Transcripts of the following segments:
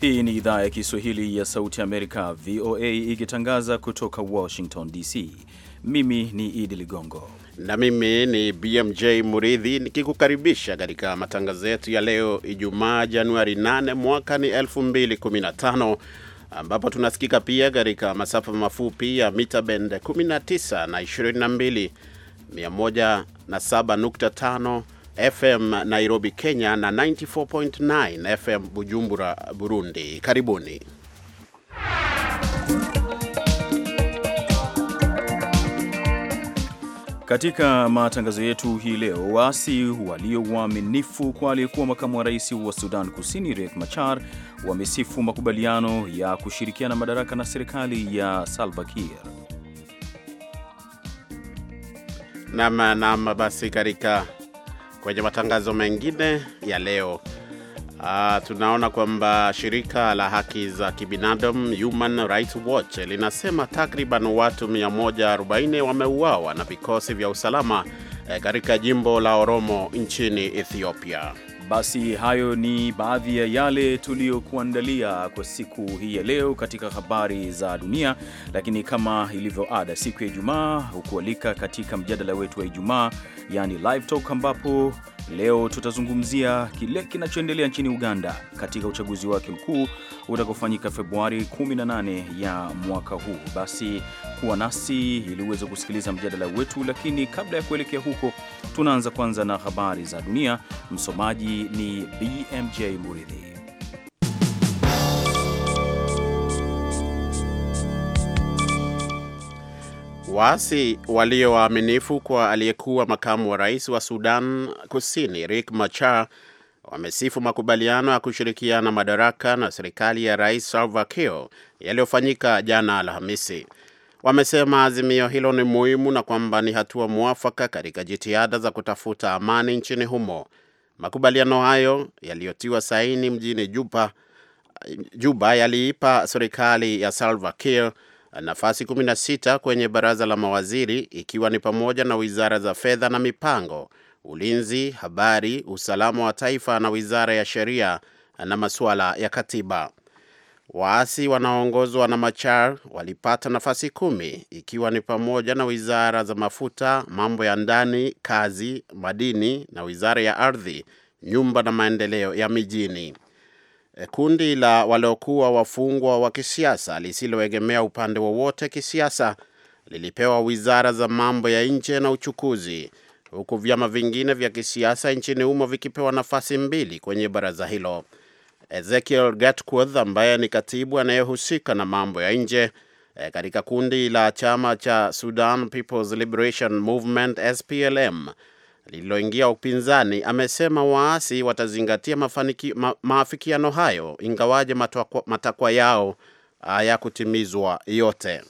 Hii ni idhaa ya Kiswahili ya Sauti Amerika, VOA, ikitangaza kutoka Washington DC. Mimi ni Idi Ligongo na mimi ni BMJ Muridhi nikikukaribisha katika matangazo yetu ya leo Ijumaa, Januari 8 mwaka ni 2015 ambapo tunasikika pia katika masafa mafupi ya mita bende 19 na 22, 107.5 FM Nairobi, Kenya na 94.9 FM Bujumbura, Burundi. Karibuni. Katika matangazo yetu hii leo, waasi walio waaminifu kwa aliyekuwa makamu wa rais wa Sudan Kusini Riek Machar wamesifu makubaliano ya kushirikiana madaraka na serikali ya Salva Kiir. Nam nam, basi katika Kwenye matangazo mengine ya leo Uh, tunaona kwamba shirika la haki za kibinadamu Human Rights Watch linasema takriban watu 140 wameuawa na vikosi vya usalama eh, katika jimbo la Oromo nchini Ethiopia. Basi hayo ni baadhi ya yale tuliyokuandalia kwa siku hii ya leo katika habari za dunia, lakini kama ilivyo ada siku ya Ijumaa hukualika katika mjadala wetu wa Ijumaa yani live talk, ambapo leo tutazungumzia kile kinachoendelea nchini Uganda katika uchaguzi wake mkuu utakaofanyika Februari 18 ya mwaka huu. Basi kuwa nasi ili uweze kusikiliza mjadala wetu, lakini kabla ya kuelekea huko, tunaanza kwanza na habari za dunia. Msomaji ni BMJ Muridhi. Waasi walio waaminifu kwa aliyekuwa makamu wa rais wa Sudan Kusini Riek Machar wamesifu makubaliano ya kushirikiana madaraka na serikali ya Rais Salva Kiir yaliyofanyika jana Alhamisi. Wamesema azimio hilo ni muhimu na kwamba ni hatua mwafaka katika jitihada za kutafuta amani nchini humo. Makubaliano hayo yaliyotiwa saini mjini Juba, Juba yaliipa serikali ya Salva Kiir nafasi 16 kwenye baraza la mawaziri ikiwa ni pamoja na wizara za fedha na mipango, ulinzi, habari, usalama wa taifa na wizara ya sheria na masuala ya katiba. Waasi wanaoongozwa na Machar walipata nafasi kumi ikiwa ni pamoja na wizara za mafuta, mambo ya ndani, kazi, madini na wizara ya ardhi, nyumba na maendeleo ya mijini. Eh, kundi la waliokuwa wafungwa wa kisiasa lisiloegemea upande wowote kisiasa lilipewa wizara za mambo ya nje na uchukuzi, huku vyama vingine vya kisiasa nchini humo vikipewa nafasi mbili kwenye baraza hilo. Ezekiel Gatkuoth ambaye ni katibu anayehusika na mambo ya nje e, katika kundi la chama cha Sudan People's Liberation Movement SPLM lililoingia upinzani amesema waasi watazingatia mafaniki, ma, maafikiano hayo ingawaje matakwa yao hayakutimizwa yote.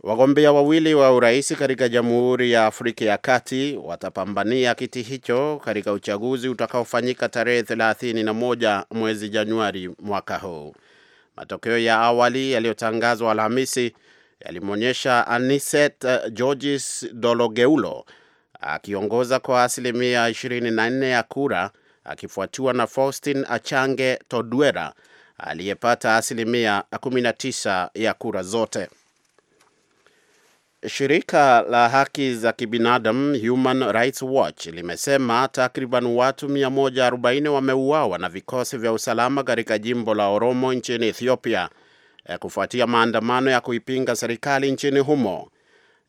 Wagombea wawili wa urais katika Jamhuri ya Afrika ya Kati watapambania kiti hicho katika uchaguzi utakaofanyika tarehe 31 mwezi Januari mwaka huu. Matokeo ya awali yaliyotangazwa Alhamisi yalimwonyesha Aniset eh, Georges Dologeulo akiongoza kwa asilimia 24 ya kura akifuatiwa na Faustin Achange Todwera aliyepata asilimia 19 ya kura zote. Shirika la haki za kibinadamu Human Rights Watch limesema takriban watu 140 wameuawa na vikosi vya usalama katika jimbo la Oromo nchini Ethiopia eh, kufuatia maandamano ya kuipinga serikali nchini humo.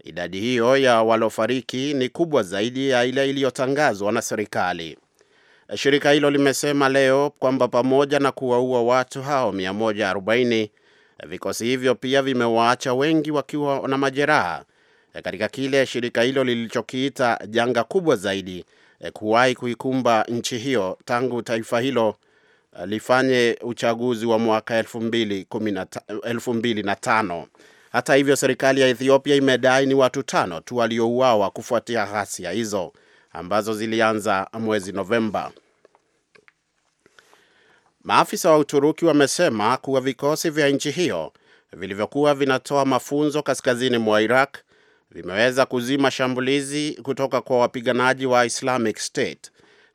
Idadi hiyo ya walofariki ni kubwa zaidi ya ile iliyotangazwa na serikali. Shirika hilo limesema leo kwamba pamoja na kuwaua watu hao 140 vikosi hivyo pia vimewaacha wengi wakiwa na majeraha katika kile shirika hilo lilichokiita janga kubwa zaidi eh, kuwahi kuikumba nchi hiyo tangu taifa hilo eh, lifanye uchaguzi wa mwaka 2015. Hata hivyo, serikali ya Ethiopia imedai ni watu tano tu waliouawa kufuatia ghasia hizo ambazo zilianza mwezi Novemba. Maafisa wa Uturuki wamesema kuwa vikosi vya nchi hiyo vilivyokuwa vinatoa mafunzo kaskazini mwa Iraq vimeweza kuzima shambulizi kutoka kwa wapiganaji wa Islamic State.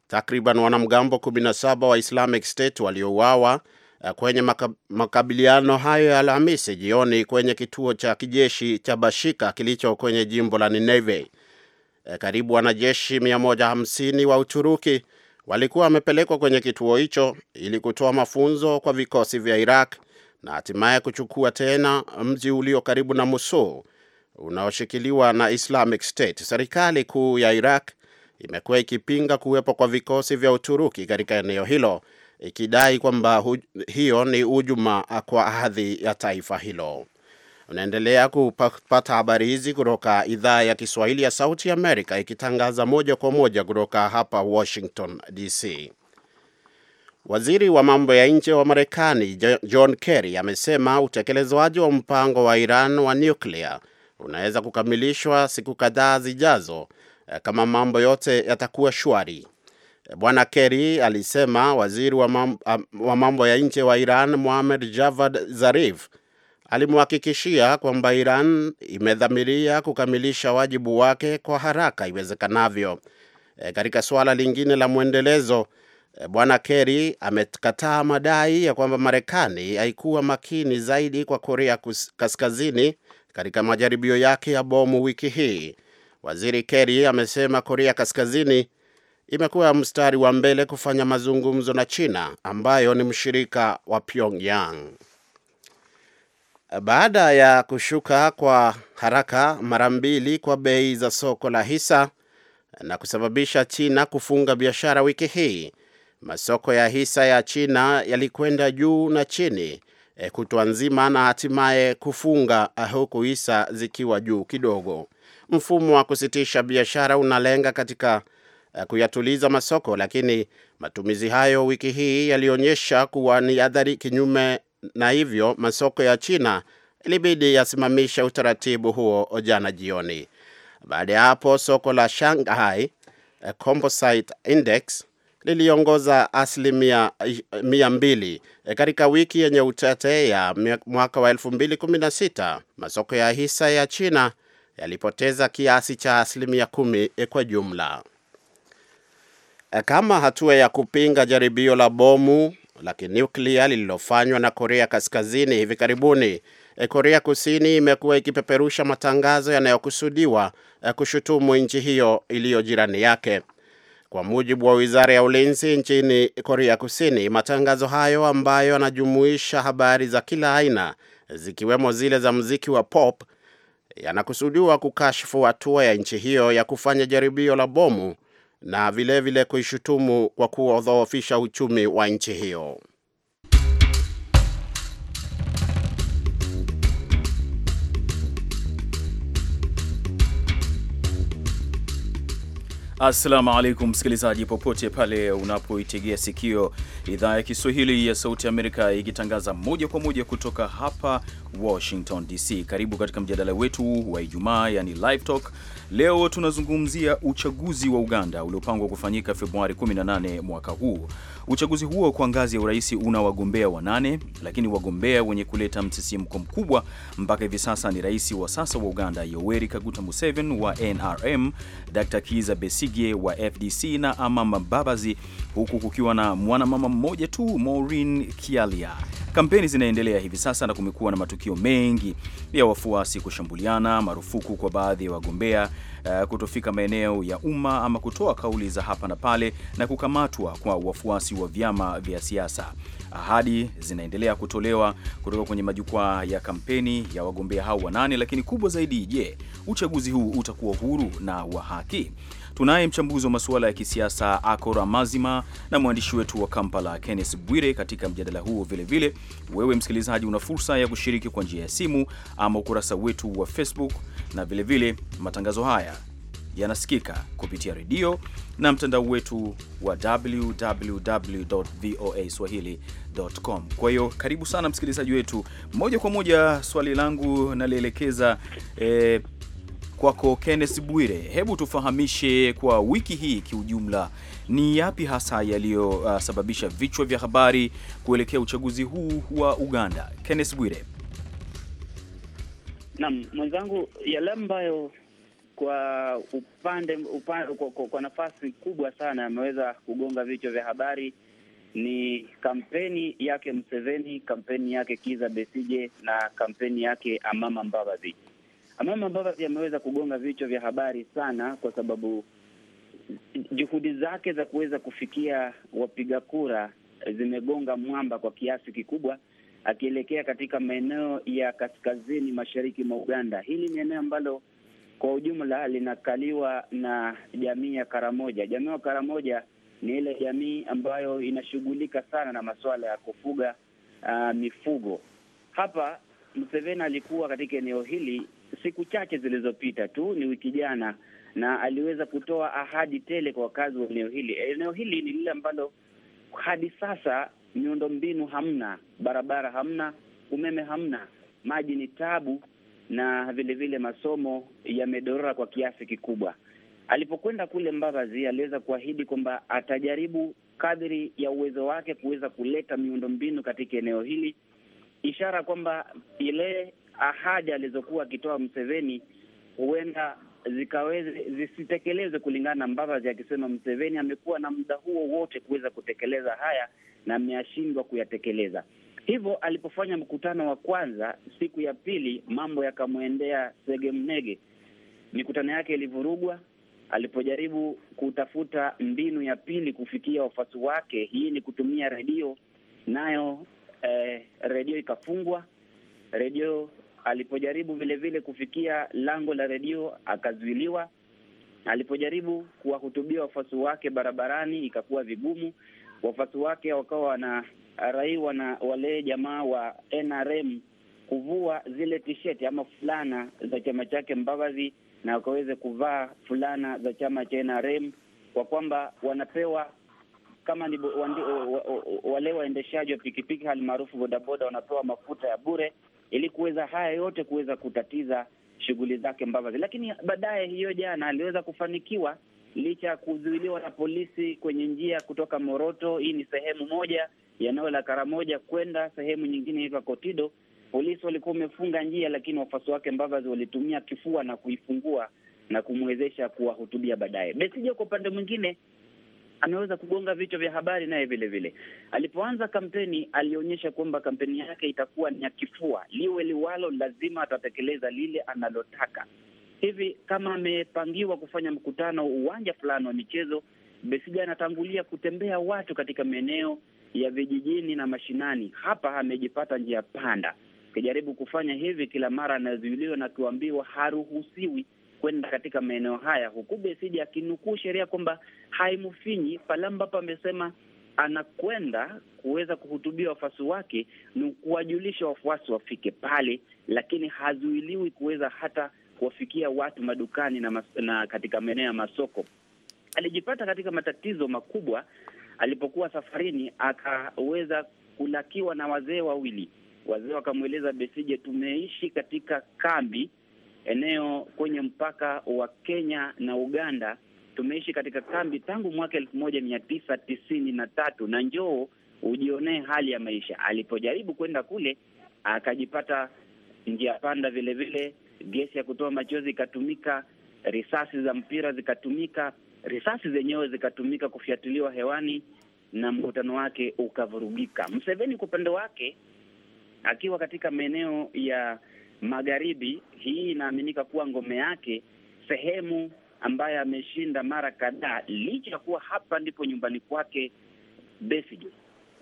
Takriban wanamgambo 17 wa Islamic State waliouawa Eh, kwenye makabiliano hayo ya Alhamisi jioni kwenye kituo cha kijeshi cha Bashika kilicho kwenye jimbo la Nineve. Eh, karibu wanajeshi 150 wa Uturuki walikuwa wamepelekwa kwenye kituo hicho ili kutoa mafunzo kwa vikosi vya Iraq na hatimaye kuchukua tena mji ulio karibu na Mosul unaoshikiliwa na Islamic State. Serikali kuu ya Iraq imekuwa ikipinga kuwepo kwa vikosi vya Uturuki katika eneo hilo ikidai kwamba hiyo ni hujuma kwa hadhi ya taifa hilo. Unaendelea kupata habari hizi kutoka idhaa ya Kiswahili ya Sauti Amerika, ikitangaza moja kwa moja kutoka hapa Washington DC. Waziri wa mambo ya nje wa Marekani John Kerry amesema utekelezwaji wa mpango wa Iran wa nuklia unaweza kukamilishwa siku kadhaa zijazo eh, kama mambo yote yatakuwa shwari. Bwana Kerry alisema waziri wa mambo, wa mambo ya nje wa Iran Mohamed Javad Zarif alimhakikishia kwamba Iran imedhamiria kukamilisha wajibu wake kwa haraka iwezekanavyo. E, katika suala lingine la mwendelezo e, Bwana Kerry amekataa madai ya kwamba Marekani haikuwa makini zaidi kwa Korea Kaskazini katika majaribio yake ya bomu wiki hii. Waziri Kerry amesema Korea Kaskazini imekuwa mstari wa mbele kufanya mazungumzo na China ambayo ni mshirika wa Pyongyang. Baada ya kushuka kwa haraka mara mbili kwa bei za soko la hisa na kusababisha China kufunga biashara wiki hii, masoko ya hisa ya China yalikwenda juu na chini e, kutwa nzima na hatimaye kufunga e, huku hisa zikiwa juu kidogo. Mfumo wa kusitisha biashara unalenga katika Eh, kuyatuliza masoko, lakini matumizi hayo wiki hii yalionyesha kuwa ni athari kinyume, na hivyo masoko ya China ilibidi yasimamisha utaratibu huo jana jioni. Baada ya hapo, soko la Shanghai eh, Composite Index liliongoza asilimia eh, mia mbili katika wiki yenye utete ya mwaka wa sita Masoko ya hisa ya China yalipoteza kiasi cha asilimia kumi kwa jumla. Eh, kama hatua ya kupinga jaribio la bomu la kinuklia lililofanywa na Korea Kaskazini hivi karibuni. Eh, Korea Kusini imekuwa ikipeperusha matangazo yanayokusudiwa eh, kushutumu nchi hiyo iliyo jirani yake. Kwa mujibu wa wizara ya ulinzi nchini Korea Kusini, matangazo hayo ambayo yanajumuisha habari za kila aina zikiwemo zile za mziki wa pop yanakusudiwa kukashifu hatua ya nchi hiyo ya kufanya jaribio la bomu na vilevile kuishutumu kwa kuodhoofisha uchumi wa nchi hiyo. Assalamu alaikum msikilizaji, popote pale unapoitegea sikio idhaa ya Kiswahili ya Sauti ya Amerika ikitangaza moja kwa moja kutoka hapa Washington DC. Karibu katika mjadala wetu wa Ijumaa, yani Live Talk Leo tunazungumzia uchaguzi wa Uganda uliopangwa kufanyika Februari 18 mwaka huu. Uchaguzi huo kwa ngazi ya urais una wagombea wanane, lakini wagombea wenye kuleta msisimko mkubwa mpaka hivi sasa ni rais wa sasa wa Uganda Yoweri Kaguta Museveni wa NRM, Dr. Kiza Besigye wa FDC na Amama Mbabazi, huku kukiwa na mwanamama mmoja tu Maureen Kialia. Kampeni zinaendelea hivi sasa na kumekuwa na matukio mengi ya wafuasi kushambuliana, marufuku kwa baadhi ya wagombea uh, kutofika maeneo ya umma ama kutoa kauli za hapa na pale na kukamatwa kwa wafuasi wa vyama vya siasa. Ahadi zinaendelea kutolewa kutoka kwenye majukwaa ya kampeni ya wagombea hao wanane, lakini kubwa zaidi, je, uchaguzi huu utakuwa huru na wa haki? Tunaye mchambuzi wa masuala ya kisiasa Akora Mazima na mwandishi wetu wa Kampala Kenneth Bwire katika mjadala huo. Vilevile vile, wewe msikilizaji una fursa ya kushiriki kwa njia ya simu ama ukurasa wetu wa Facebook na vilevile vile, matangazo haya yanasikika kupitia redio na mtandao wetu wa www.voaswahili.com. Kwa hiyo karibu sana msikilizaji wetu. Moja kwa moja swali langu nalielekeza eh, kwako Kenneth Bwire, hebu tufahamishe kwa wiki hii kiujumla, ni yapi hasa yaliyosababisha uh, vichwa vya habari kuelekea uchaguzi huu wa Uganda? Kenneth Bwire. Naam, mwenzangu, yale ambayo kwa upande, upande kwa, kwa, kwa nafasi kubwa sana ameweza kugonga vichwa vya habari ni kampeni yake Museveni, kampeni yake Kiza Besije na kampeni yake Amama Mbabazi mambo ambavyo yameweza kugonga vichwa vya habari sana, kwa sababu juhudi zake za kuweza kufikia wapiga kura zimegonga mwamba kwa kiasi kikubwa, akielekea katika maeneo ya kaskazini mashariki mwa Uganda. Hili ni eneo ambalo kwa ujumla linakaliwa na jamii ya Karamoja. Jamii ya Karamoja ni ile jamii ambayo inashughulika sana na masuala ya kufuga uh, mifugo. Hapa Museveni alikuwa katika eneo hili siku chache zilizopita tu, ni wiki jana, na aliweza kutoa ahadi tele kwa wakazi wa eneo hili. Eneo hili ni lile ambalo hadi sasa miundombinu hamna, barabara hamna, umeme hamna, maji ni tabu, na vilevile vile masomo yamedorora kwa kiasi kikubwa. Alipokwenda kule Mbavazi, aliweza kuahidi kwamba atajaribu kadhiri ya uwezo wake kuweza kuleta miundombinu katika eneo hili, ishara kwamba ile ahadi alizokuwa akitoa Mseveni huenda zikaweze zisitekelezwe kulingana na Mbabazi akisema Mseveni amekuwa na muda huo wote kuweza kutekeleza haya na ameashindwa kuyatekeleza. Hivyo alipofanya mkutano wa kwanza siku ya pili, mambo yakamwendea sege mnege. Mikutano yake ilivurugwa. Alipojaribu kutafuta mbinu ya pili kufikia wafuasi wake, hii ni kutumia redio, nayo eh, redio ikafungwa. Redio alipojaribu vilevile kufikia lango la redio akazuiliwa. Alipojaribu kuwahutubia wafuasi wake barabarani ikakuwa vigumu. Wafuasi wake wakawa wana raiwa wana wale jamaa wa NRM kuvua zile tisheti ama fulana za chama chake Mbavazi, na wakaweze kuvaa fulana za chama cha NRM kwa kwamba wanapewa kama ni wale waendeshaji wa pikipiki hali maarufu bodaboda, wanapewa mafuta ya bure ili kuweza haya yote kuweza kutatiza shughuli zake mbavazi. Lakini baadaye hiyo jana aliweza kufanikiwa licha ya kuzuiliwa na polisi kwenye njia kutoka Moroto, hii ni sehemu moja ya eneo la Karamoja kwenda sehemu nyingine inaitwa Kotido. Polisi walikuwa wamefunga njia, lakini wafuasi wake Mbavazi walitumia kifua na kuifungua na kumwezesha kuwahutubia baadaye. besija kwa upande mwingine ameweza kugonga vichwa vya habari naye vile vile. Alipoanza kampeni, alionyesha kwamba kampeni yake itakuwa ni ya kifua, liwe liwalo, lazima atatekeleza lile analotaka. Hivi kama amepangiwa kufanya mkutano uwanja fulani wa michezo, Besigye anatangulia kutembea watu katika maeneo ya vijijini na mashinani. Hapa amejipata njia panda. Akijaribu kufanya hivi kila mara anazuiliwa na kuambiwa haruhusiwi kwenda katika maeneo haya, huku Besigye akinukuu sheria kwamba haimfinyi pale ambapo amesema anakwenda kuweza kuhutubia wafuasi wake ni kuwajulisha wafuasi wafike pale, lakini hazuiliwi kuweza hata kuwafikia watu madukani na, mas na katika maeneo ya masoko. Alijipata katika matatizo makubwa alipokuwa safarini, akaweza kulakiwa na wazee wawili. Wazee wakamweleza Besije, tumeishi katika kambi eneo kwenye mpaka wa Kenya na Uganda. Tumeishi katika kambi tangu mwaka elfu moja mia tisa tisini na tatu na njoo ujionee hali ya maisha. Alipojaribu kwenda kule akajipata njia panda, vile vile gesi ya kutoa machozi ikatumika, risasi za mpira zikatumika, risasi zenyewe zikatumika kufyatuliwa hewani na mkutano wake ukavurugika. Mseveni kwa upande wake akiwa katika maeneo ya magharibi. Hii inaaminika kuwa ngome yake, sehemu ambayo ameshinda mara kadhaa, licha ya kuwa hapa ndipo nyumbani kwake. Besigye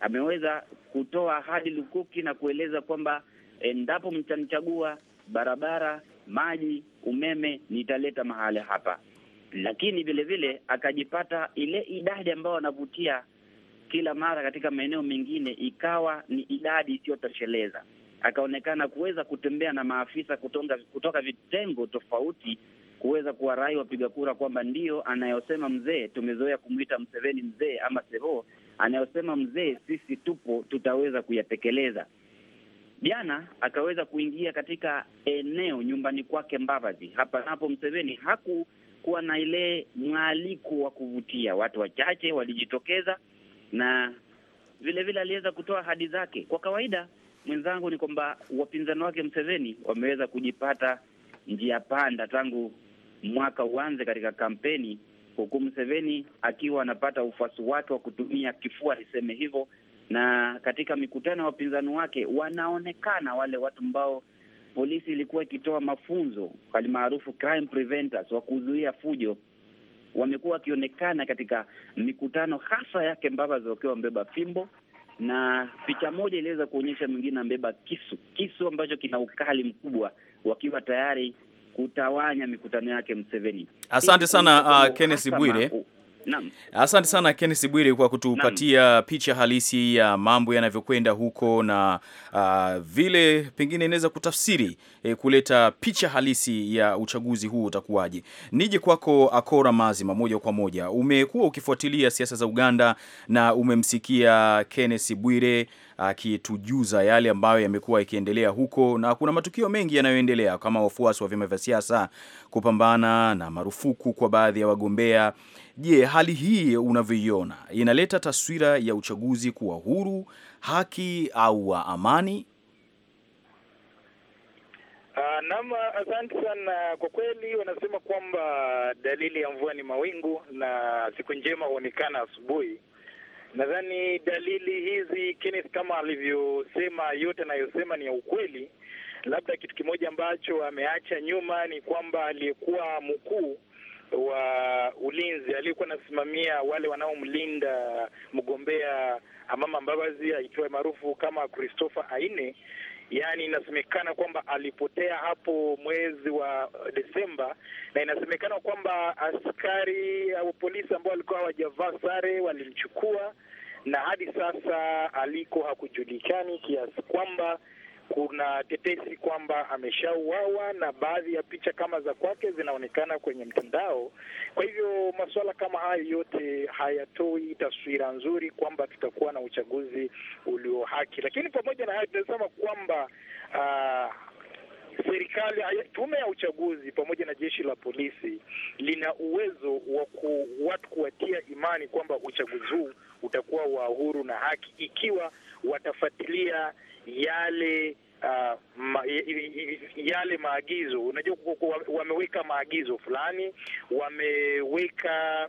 ameweza kutoa ahadi lukuki na kueleza kwamba endapo mtanichagua, barabara, maji, umeme nitaleta mahali hapa, lakini vile vile akajipata ile idadi ambayo anavutia kila mara katika maeneo mengine ikawa ni idadi isiyotosheleza akaonekana kuweza kutembea na maafisa kutonga, kutoka vitengo tofauti kuweza kuwarai wapiga kura kwamba ndiyo anayosema mzee. Tumezoea kumwita Mseveni mzee ama Seho, anayosema mzee, sisi tupo, tutaweza kuyatekeleza. Jana akaweza kuingia katika eneo nyumbani kwake Mbavazi. Hapa napo Mseveni hakukuwa na ile mwaliko wa kuvutia, watu wachache walijitokeza na vilevile aliweza kutoa ahadi zake. Kwa kawaida mwenzangu ni kwamba wapinzani wake Mseveni wameweza kujipata njia panda tangu mwaka uanze katika kampeni, huku Mseveni akiwa anapata ufuasi wake wa kutumia kifua, niseme hivyo, na katika mikutano ya wapinzani wake wanaonekana wale watu ambao polisi ilikuwa ikitoa mafunzo halimaarufu crime preventers wa kuzuia fujo wamekuwa wakionekana katika mikutano hasa yake Mbabazi wakiwa wamebeba fimbo na picha moja iliweza kuonyesha mwingine amebeba kisu, kisu ambacho kina ukali mkubwa, wakiwa tayari kutawanya mikutano yake mseveni Asante sana uh, Kenneth Bwire. Naam. Asante sana Kenneth Bwire kwa kutupatia Naam. picha halisi ya mambo yanavyokwenda huko na uh, vile pengine inaweza kutafsiri eh, kuleta picha halisi ya uchaguzi huu utakuwaje. Nije kwako Akora Mazima moja kwa moja. Umekuwa ukifuatilia siasa za Uganda na umemsikia Kenneth Bwire akitujuza uh, yale ambayo yamekuwa yakiendelea huko na kuna matukio mengi yanayoendelea kama wafuasi wa vyama vya siasa kupambana na marufuku kwa baadhi ya wagombea Je, hali hii unavyoiona inaleta taswira ya uchaguzi kuwa huru, haki au wa amani? Uh, naam, asante sana. Kwa kweli wanasema kwamba dalili ya mvua ni mawingu na siku njema huonekana asubuhi. Nadhani dalili hizi Kenneth, kama alivyosema, yote anayosema ni ya ukweli. Labda kitu kimoja ambacho ameacha nyuma ni kwamba aliyekuwa mkuu wa ulinzi aliyekuwa anasimamia wale wanaomlinda mgombea Amama Mbabazi aitwaye maarufu kama Christopher Aine, yaani inasemekana kwamba alipotea hapo mwezi wa Desemba, na inasemekana kwamba askari au polisi ambao walikuwa hawajavaa sare walimchukua, na hadi sasa aliko hakujulikani, kiasi kwamba kuna tetesi kwamba ameshauawa na baadhi ya picha kama za kwake zinaonekana kwenye mtandao. Kwa hivyo masuala kama hayo yote hayatoi taswira nzuri kwamba tutakuwa na uchaguzi ulio haki. Lakini pamoja na hayo, tunasema kwamba uh, serikali tume ya uchaguzi pamoja na jeshi la polisi lina uwezo wa watu kuwatia imani kwamba uchaguzi huu utakuwa wa huru na haki, ikiwa watafuatilia yale uh, ma, yale maagizo. Unajua, wameweka maagizo fulani, wameweka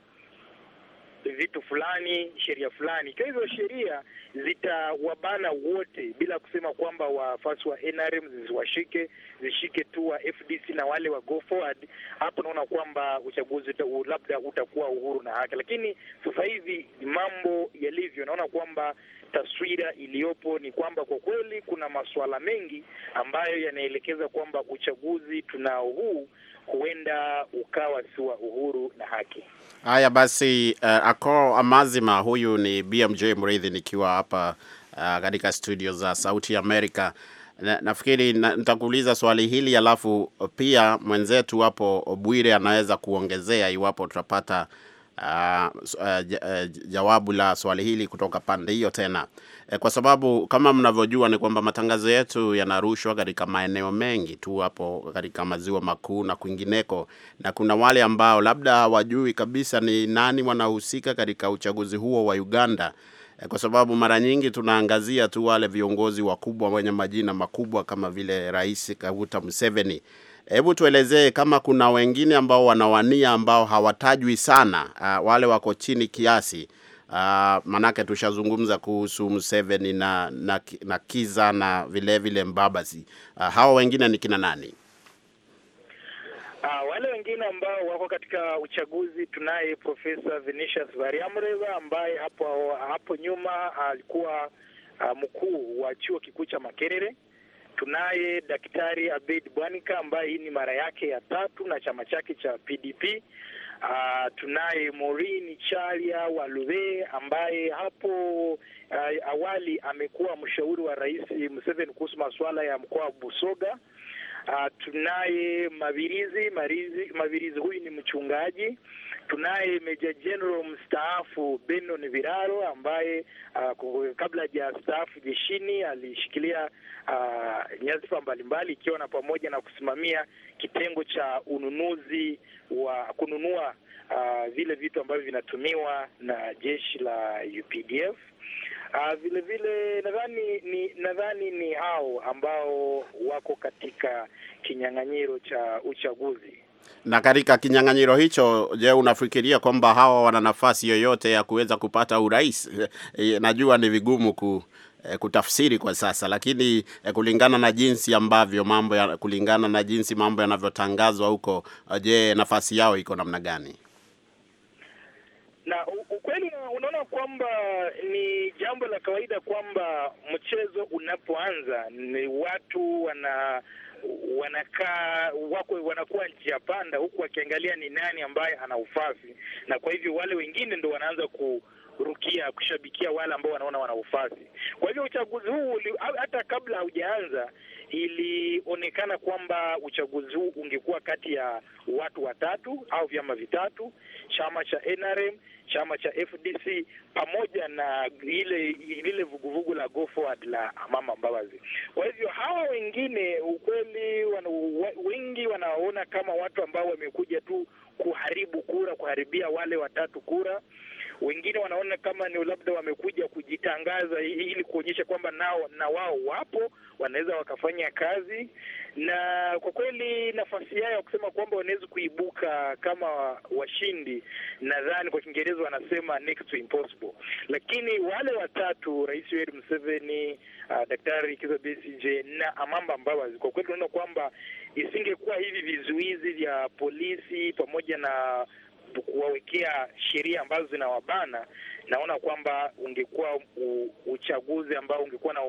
vitu fulani, sheria fulani. Kwa hivyo sheria zitawabana wote bila kusema kwamba wafasi wa NRM zisiwashike, zishike tu wa FDC na wale wa go forward. Hapo naona kwamba uchaguzi labda utakuwa uhuru na haki, lakini sasa hivi mambo yalivyo, naona kwamba taswira iliyopo ni kwamba kwa kweli kuna masuala mengi ambayo yanaelekeza kwamba uchaguzi tunao huu huenda ukawa si wa uhuru na haki. Haya basi, uh, Ako Amazima, huyu ni BMJ Mridhi nikiwa hapa uh, katika studio za Sauti ya Amerika. Na, nafikiri na, nitakuuliza swali hili alafu pia mwenzetu hapo Bwire anaweza kuongezea iwapo tutapata Uh, uh, uh jawabu la swali hili kutoka pande hiyo tena, e, kwa sababu kama mnavyojua ni kwamba matangazo yetu yanarushwa katika maeneo mengi tu hapo katika maziwa makuu na kwingineko, na kuna wale ambao labda hawajui kabisa ni nani wanahusika katika uchaguzi huo wa Uganda, eh, kwa sababu mara nyingi tunaangazia tu wale viongozi wakubwa wenye majina makubwa kama vile Rais Kaguta Museveni Hebu tuelezee kama kuna wengine ambao wanawania ambao hawatajwi sana, uh, wale wako chini kiasi. Uh, manake tushazungumza kuhusu mseveni na, na, na Kiza na vilevile Mbabazi. Uh, hawa wengine ni kina nani? Uh, wale wengine ambao wako katika uchaguzi tunaye Profesa Vinicius Variamreva ambaye hapo hapo nyuma alikuwa uh, mkuu wa chuo kikuu cha Makerere Tunaye Daktari Abeid Bwanika ambaye hii ni mara yake ya tatu na chama chake cha PDP. Uh, ah, tunaye Maureen Chalia Walure ambaye hapo uh, awali amekuwa mshauri wa Rais Museveni kuhusu masuala ya mkoa wa Busoga Uh, tunaye Mabirizi Marizi, Mabirizi huyu ni mchungaji. Tunaye Meja General mstaafu Benon Viraro ambaye uh, kabla staafu jeshini alishikilia uh, nyadhifa mbalimbali ikiwa na pamoja na kusimamia kitengo cha ununuzi wa kununua uh, vile vitu ambavyo vinatumiwa na jeshi la UPDF. Ah, vile vile nadhani ni nadhani ni hao ambao wako katika kinyang'anyiro cha uchaguzi. Na katika kinyang'anyiro hicho, je, unafikiria kwamba hawa wana nafasi yoyote ya kuweza kupata urais? Eh, najua ni vigumu ku eh, kutafsiri kwa sasa, lakini eh, kulingana na jinsi ambavyo mambo ya, kulingana na jinsi mambo yanavyotangazwa huko, je, nafasi yao iko namna gani? na ukweli unaona kwamba ni jambo la kawaida kwamba mchezo unapoanza ni watu wana wanakaa wako wanakuwa njia panda, huku wakiangalia ni nani ambaye ana ufafi, na kwa hivyo wale wengine ndo wanaanza ku kurukia kushabikia wale ambao wanaona wana ufasi. Kwa hivyo uchaguzi huu hata kabla haujaanza ilionekana kwamba uchaguzi huu ungekuwa kati ya watu watatu au vyama vitatu, chama cha NRM, chama cha FDC pamoja na ile lile vuguvugu la Go Forward la Amama Mbabazi. Kwa hivyo hawa wengine ukweli wana, wengi wanaona kama watu ambao wamekuja tu kuharibu kura, kuharibia wale watatu kura wengine wanaona kama ni labda wamekuja kujitangaza ili kuonyesha kwamba nao na wao wapo, wanaweza wakafanya kazi, na kwa kweli nafasi yao ya kusema kwamba wanaweza kuibuka kama washindi, nadhani kwa Kiingereza wanasema next to impossible. Lakini wale watatu, Rais Yoweri Museveni, uh, Daktari Kizza Besigye na Amama Mbabazi, kwa kweli tunaona kwamba isingekuwa hivi vizuizi vya polisi pamoja na kuwawekea sheria ambazo zinawabana, naona kwamba ungekuwa uchaguzi ambao ungekuwa na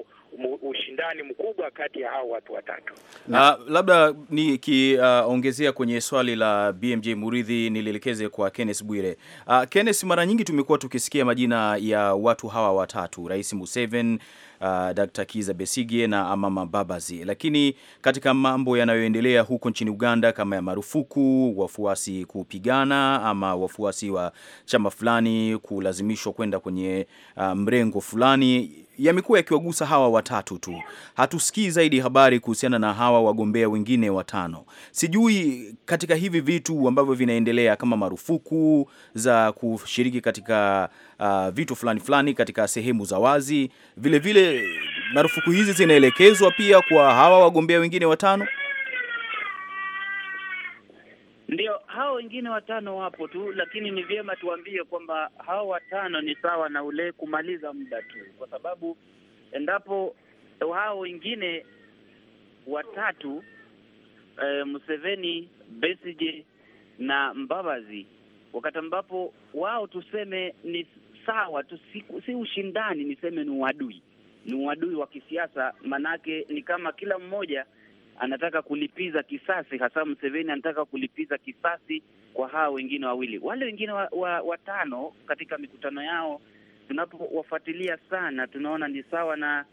ushindani mkubwa kati ya hao watu watatu. Uh, labda nikiongezea uh, kwenye swali la BMJ Muridhi nilielekeze kwa Kenneth Bwire. Uh, Kenneth, mara nyingi tumekuwa tukisikia majina ya watu hawa watatu, Rais Museveni uh, Dr. Kiza Besigye na Amama Babazi. Lakini katika mambo yanayoendelea huko nchini Uganda, kama ya marufuku wafuasi kupigana ama wafuasi wa chama fulani kulazimishwa kwenda kwenye uh, mrengo fulani yamekuwa yakiwagusa hawa watatu tu. Hatusikii zaidi habari kuhusiana na hawa wagombea wengine watano. Sijui katika hivi vitu ambavyo vinaendelea kama marufuku za kushiriki katika uh, vitu fulani fulani katika sehemu za wazi, vilevile marufuku hizi zinaelekezwa pia kwa hawa wagombea wengine watano. Ndio, hao wengine watano wapo tu, lakini ni vyema tuambie kwamba hao watano ni sawa na ule kumaliza muda tu, kwa sababu endapo hao wengine watatu eh, Museveni, Besigye na Mbabazi, wakati ambapo wao tuseme ni sawa tu, si, si ushindani, niseme ni uadui, ni uadui wa kisiasa, manake ni kama kila mmoja anataka kulipiza kisasi, hasa Mseveni anataka kulipiza kisasi kwa hawa wengine wawili. Wale wengine watano wa, wa katika mikutano yao tunapowafuatilia sana, tunaona ni sawa na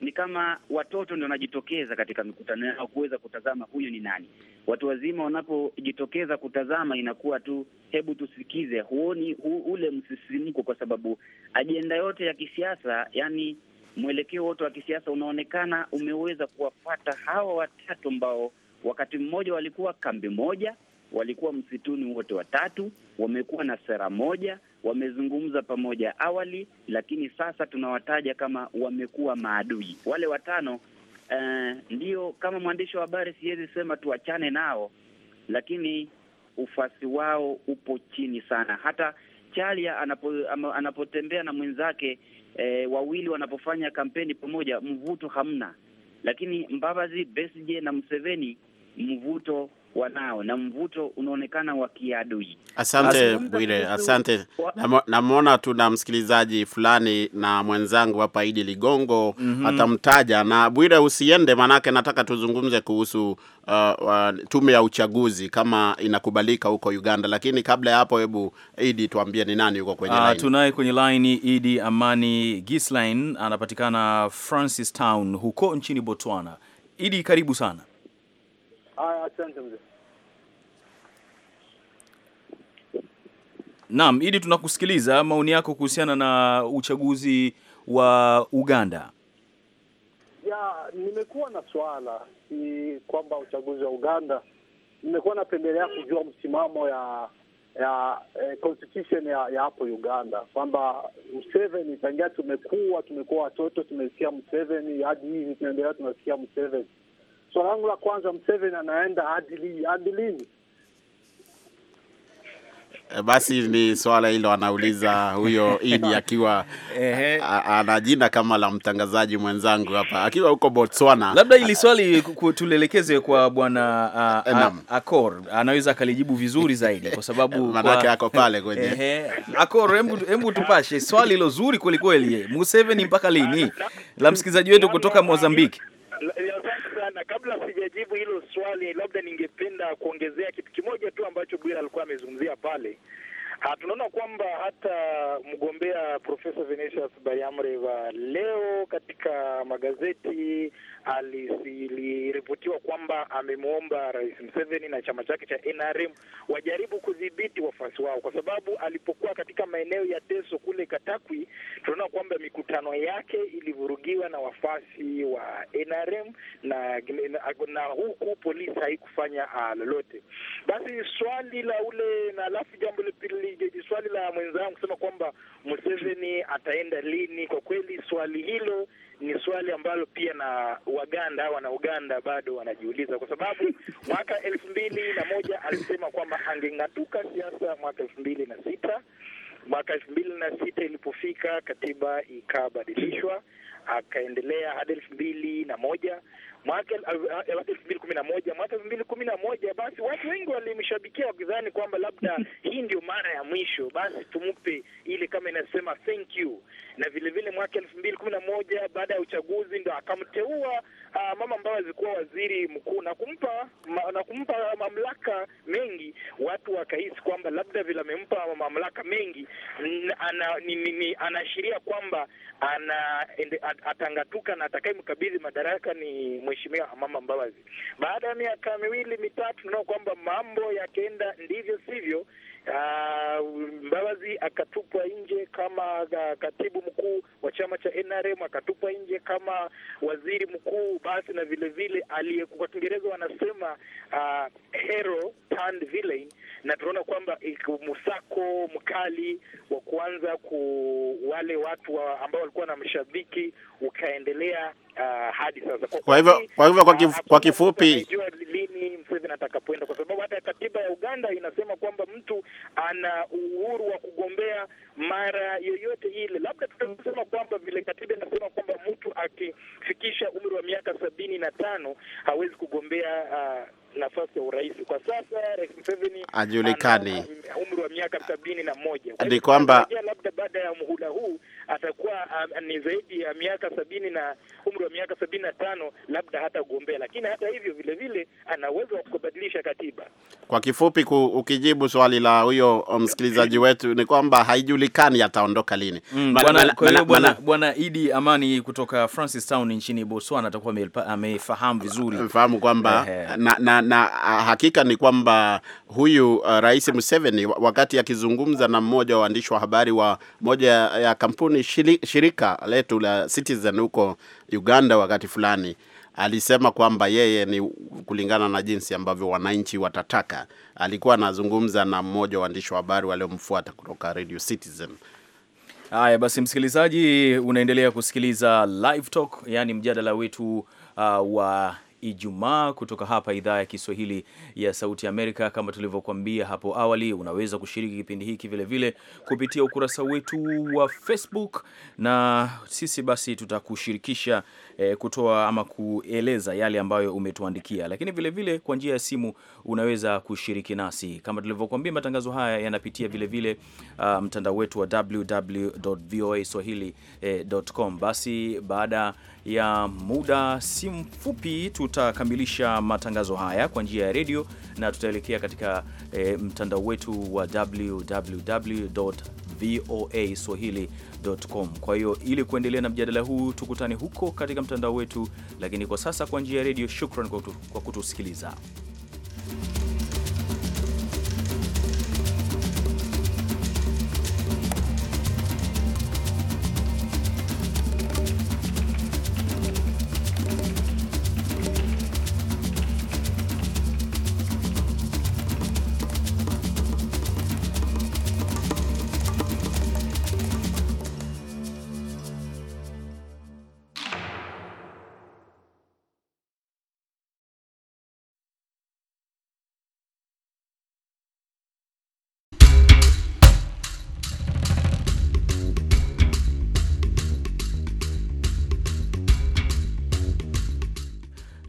ni kama watoto ndio wanajitokeza katika mikutano yao kuweza kutazama huyu ni nani. Watu wazima wanapojitokeza kutazama, inakuwa tu hebu tusikize, huoni ule msisimko, kwa sababu ajenda yote ya kisiasa yani mwelekeo wote wa kisiasa unaonekana umeweza kuwafata hawa watatu ambao wakati mmoja walikuwa kambi moja, walikuwa msituni wote watatu, wamekuwa na sera moja, wamezungumza pamoja awali, lakini sasa tunawataja kama wamekuwa maadui wale watano. Uh, ndio kama mwandishi wa habari siwezi sema tuachane nao, lakini ufasi wao upo chini sana. Hata Chalia anapo, anapotembea na mwenzake e, wawili wanapofanya kampeni pamoja mvuto hamna, lakini Mbabazi, Besije na Museveni mvuto wanao na mvuto unaonekana wa kiadui. Asante Bwire, asante. Namwona tuna msikilizaji fulani na mwenzangu hapa Idi Ligongo mm -hmm. atamtaja na Bwire, usiende maanake nataka tuzungumze kuhusu uh, uh, tume ya uchaguzi kama inakubalika huko Uganda, lakini kabla ya hapo, hebu Idi tuambie ni nani yuko kwenye uh, line. Tunaye kwenye line Idi Amani Gislin, anapatikana Francis Town huko nchini Botswana. Idi, karibu sana. Haya, asante mzee. Naam, Idi, tunakusikiliza maoni yako kuhusiana na uchaguzi wa Uganda. Ya, nimekuwa na swala si kwamba uchaguzi wa Uganda, nimekuwa napendelea kujua msimamo ya ya eh, constitution ya, ya hapo Uganda kwamba Museveni tangia tumekuwa tumekuwa watoto tumesikia Museveni hadi hivi tunaendelea tunasikia Museveni Swala langu la kwanza, Mseveni anaenda hadi lini? Hadi lini? Eh, basi ni swala hilo anauliza huyo Idi akiwa ana jina kama la mtangazaji mwenzangu hapa akiwa huko Botswana. Labda ili swali tulelekeze kwa bwana eh, Akor, anaweza akalijibu vizuri zaidi kwa sababu manake ako pale kwenye Akor, hebu tupashe swali hilo zuri kwelikweli Museveni mpaka lini, la msikilizaji wetu kutoka Mozambique na kabla sijajibu hilo swali, labda ningependa kuongezea kitu kimoja tu ambacho Bwira alikuwa amezungumzia pale. Tunaona kwamba hata mgombea Profesa Venetius Bayamreva leo katika magazeti aliliripotiwa kwamba amemwomba Rais Museveni na chama chake cha NRM wajaribu kudhibiti wafuasi wao, kwa sababu alipokuwa katika maeneo ya Teso kule Katakwi, tunaona kwamba mikutano yake ilivurugiwa na wafuasi wa NRM na, na huku polisi haikufanya uh, lolote. Basi swali la ule na alafu jambo la pili, swali la mwenzangu kusema kwamba Museveni ataenda lini, kwa kweli swali hilo ni swali ambalo pia na Waganda wana Uganda bado wanajiuliza, kwa sababu mwaka elfu mbili na moja alisema kwamba angeng'atuka siasa mwaka elfu mbili na sita Mwaka elfu mbili na sita ilipofika, katiba ikabadilishwa akaendelea hadi elfu mbili na moja mwaka uh, uh, elfu mbili kumi na moja mwaka elfu mbili kumi na moja basi watu wengi walimshabikia wakidhani kwamba labda hii ndio mara ya mwisho, basi tumupe ile kama inasema thank you. Na vile vile mwaka elfu mbili kumi na moja baada ya uchaguzi ndo akamteua uh, mama ambaye alikuwa waziri mkuu na kumpa ma, na kumpa mamlaka mengi. Watu wakahisi kwamba labda vile amempa mamlaka mengi anaashiria kwamba ana, atangatuka na atakayemkabidhi madaraka ni mheshimiwa Hamama Mbabazi. Baada ya miaka miwili mitatu, tunaona kwamba mambo yakenda ndivyo sivyo. Uh, Mbabazi akatupwa nje kama uh, katibu mkuu wa chama cha NRM, akatupwa nje kama waziri mkuu, basi na vile vile aliye kwa Kiingereza wanasema uh, hero turned villain, na tunaona kwamba msako mkali wa kuanza ku wale watu wa ambao walikuwa na mshabiki ukaendelea uh, hadi sasa. Kwa hivyo kwa hivyo kwa, ah, kif, kwa kifupi atakapoenda, kwa sababu hata katiba ya Uganda inasema kwamba mtu ana uhuru wa kugombea mara yoyote ile. Labda tutasema kwamba vile katiba inasema kwamba mtu akifikisha umri wa miaka sabini na tano hawezi kugombea uh, nafasi ya urais. Kwa sasa Rais Museveni ajulikani, umri wa miaka sabini na moja. Ni kwamba labda baada ya muhula huu atakuwa ah, ni zaidi ya miaka sabini na umri wa miaka sabini na tano labda hata gombea, lakini hata hivyo vile vile ana uwezo wa kubadilisha katiba. Kwa kifupi, ukijibu swali la huyo um, msikilizaji wetu ni kwamba haijulikani ataondoka lini. Mm, Bwana Idi Amani kutoka Town nchini Botswana atakuwa amefahamu vizuri, fahamu kwamba na, na na hakika ni kwamba huyu uh, Rais Museveni wakati akizungumza na mmoja wa waandishi wa habari wa moja ya kampuni shirika letu la Citizen huko Uganda wakati fulani alisema kwamba yeye ni kulingana na jinsi ambavyo wananchi watataka. Alikuwa anazungumza na mmoja wa waandishi wa habari waliomfuata kutoka Radio Citizen. Haya basi, msikilizaji, unaendelea kusikiliza Live Talk, yani mjadala wetu uh, wa Ijumaa kutoka hapa idhaa ya Kiswahili ya Sauti Amerika. Kama tulivyokuambia hapo awali, unaweza kushiriki kipindi hiki vilevile kupitia ukurasa wetu wa Facebook, na sisi basi tutakushirikisha e, kutoa ama kueleza yale ambayo umetuandikia, lakini vilevile kwa njia ya simu unaweza kushiriki nasi. Kama tulivyokuambia, matangazo haya yanapitia vilevile uh, ah, mtandao wetu wa www.voaswahili.com. Basi baada ya muda si mfupi tutakamilisha matangazo haya kwa njia ya redio na tutaelekea katika e, mtandao wetu wa swahili com. Kwa hiyo ili kuendelea na mjadala huu, tukutane huko katika mtandao wetu, lakini kwa sasa kwa njia ya redio. Shukran kwa kutusikiliza.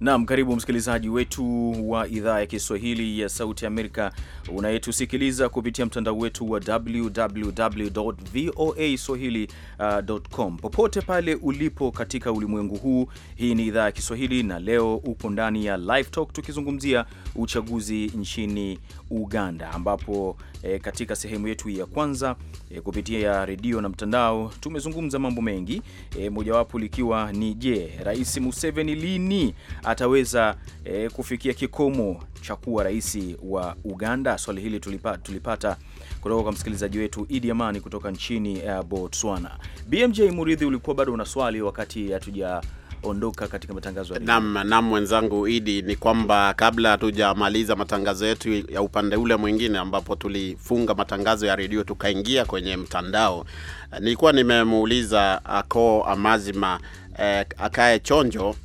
Naam, karibu msikilizaji wetu wa idhaa ya Kiswahili ya Sauti Amerika unayetusikiliza kupitia mtandao wetu wa www voa swahilicom uh, popote pale ulipo katika ulimwengu huu. Hii ni idhaa ya Kiswahili na leo upo ndani ya Live Talk tukizungumzia uchaguzi nchini Uganda, ambapo e, katika sehemu yetu ya kwanza e, kupitia redio na mtandao tumezungumza mambo mengi e, mojawapo likiwa ni je, Rais Museveni lini ataweza e, kufikia kikomo cha kuwa rais wa Uganda? Swali hili tulipata, tulipata kutoka kwa msikilizaji wetu Idi Amani kutoka nchini uh, Botswana. BMJ Muridhi, ulikuwa bado una swali wakati hatuja ondoka katika matangazo ya nam nam. Mwenzangu Idi, ni kwamba kabla hatujamaliza matangazo yetu ya upande ule mwingine, ambapo tulifunga matangazo ya redio tukaingia kwenye mtandao, nilikuwa nimemuuliza Ako Amazima eh, akae chonjo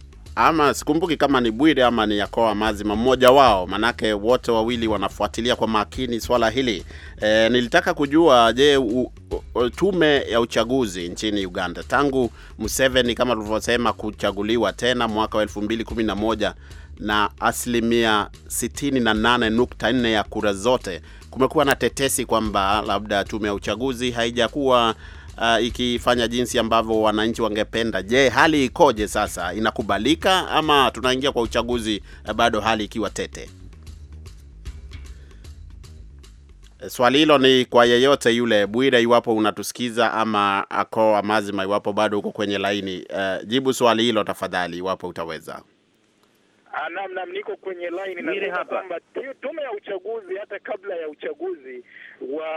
ama sikumbuki kama ni Bwire ama ni Yakoa Mazima, mmoja wao, manake wote wawili wanafuatilia kwa makini swala hili. E, nilitaka kujua je, u, u, tume ya uchaguzi nchini Uganda tangu Museveni kama tulivyosema kuchaguliwa tena mwaka wa 2011 na asilimia 68.4 ya kura zote, kumekuwa na tetesi kwamba labda tume ya uchaguzi haijakuwa uh, ikifanya jinsi ambavyo wananchi wangependa. Je, hali ikoje sasa? Inakubalika ama tunaingia kwa uchaguzi uh, bado hali ikiwa tete? Swali hilo ni kwa yeyote yule. Bwire, iwapo unatusikiza, ama Akoa Mazima, iwapo bado uko kwenye laini, uh, jibu swali hilo tafadhali, iwapo utaweza. Ah, naam, naam, niko kwenye line na kwamba tume ya uchaguzi hata kabla ya uchaguzi wa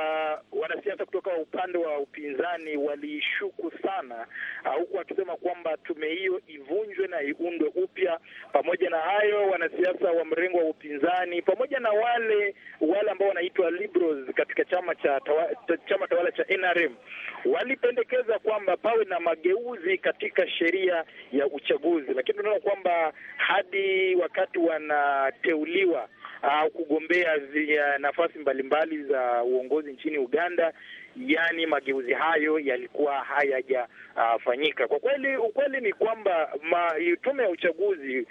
wanasiasa kutoka upande wa upinzani waliishuku sana, ah, huku wakisema kwamba tume hiyo ivunjwe na iundwe upya. Pamoja na hayo, wanasiasa wa mrengo wa upinzani pamoja na wale wale ambao wanaitwa liberals katika chama cha tawa, chama tawala cha NRM walipendekeza kwamba pawe na mageuzi katika sheria ya uchaguzi, lakini tunaona kwamba hadi wakati wanateuliwa au uh, kugombea uh, nafasi mbalimbali za uongozi nchini Uganda, yaani mageuzi hayo yalikuwa hayajafanyika. Uh, kwa kweli ukweli ni kwamba tume ya uchaguzi,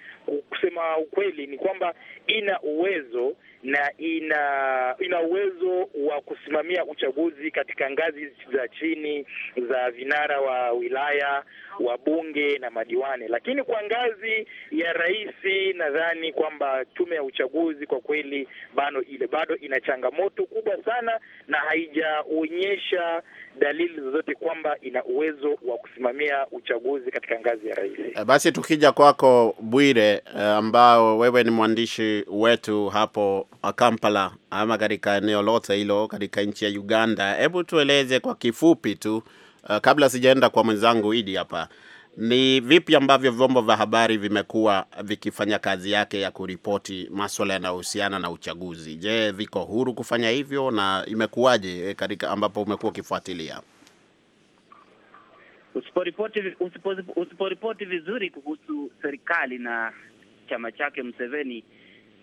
kusema ukweli ni kwamba ina uwezo na ina ina uwezo wa kusimamia uchaguzi katika ngazi za chini za vinara wa wilaya, wabunge na madiwani. Lakini kwa ngazi ya rais, nadhani kwamba tume ya uchaguzi kwa kweli bado ile bado ina changamoto kubwa sana, na haijaonyesha dalili zozote kwamba ina uwezo wa kusimamia uchaguzi katika ngazi ya rais. Eh, basi tukija kwako Bwire, eh, ambao wewe ni mwandishi wetu hapo Kampala ama katika eneo lote hilo katika nchi ya Uganda. Hebu tueleze kwa kifupi tu uh, kabla sijaenda kwa mwenzangu Idi hapa, ni vipi ambavyo vyombo vya habari vimekuwa vikifanya kazi yake ya kuripoti maswala yanayohusiana na uchaguzi? Je, viko huru kufanya hivyo na imekuwaje katika ambapo umekuwa ukifuatilia? Usiporipoti vizuri kuhusu serikali na chama chake Museveni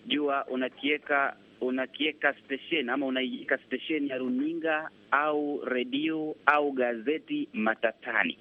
jua unakieka unakieka stesheni ama unaieka stesheni ya runinga au redio au gazeti matatani.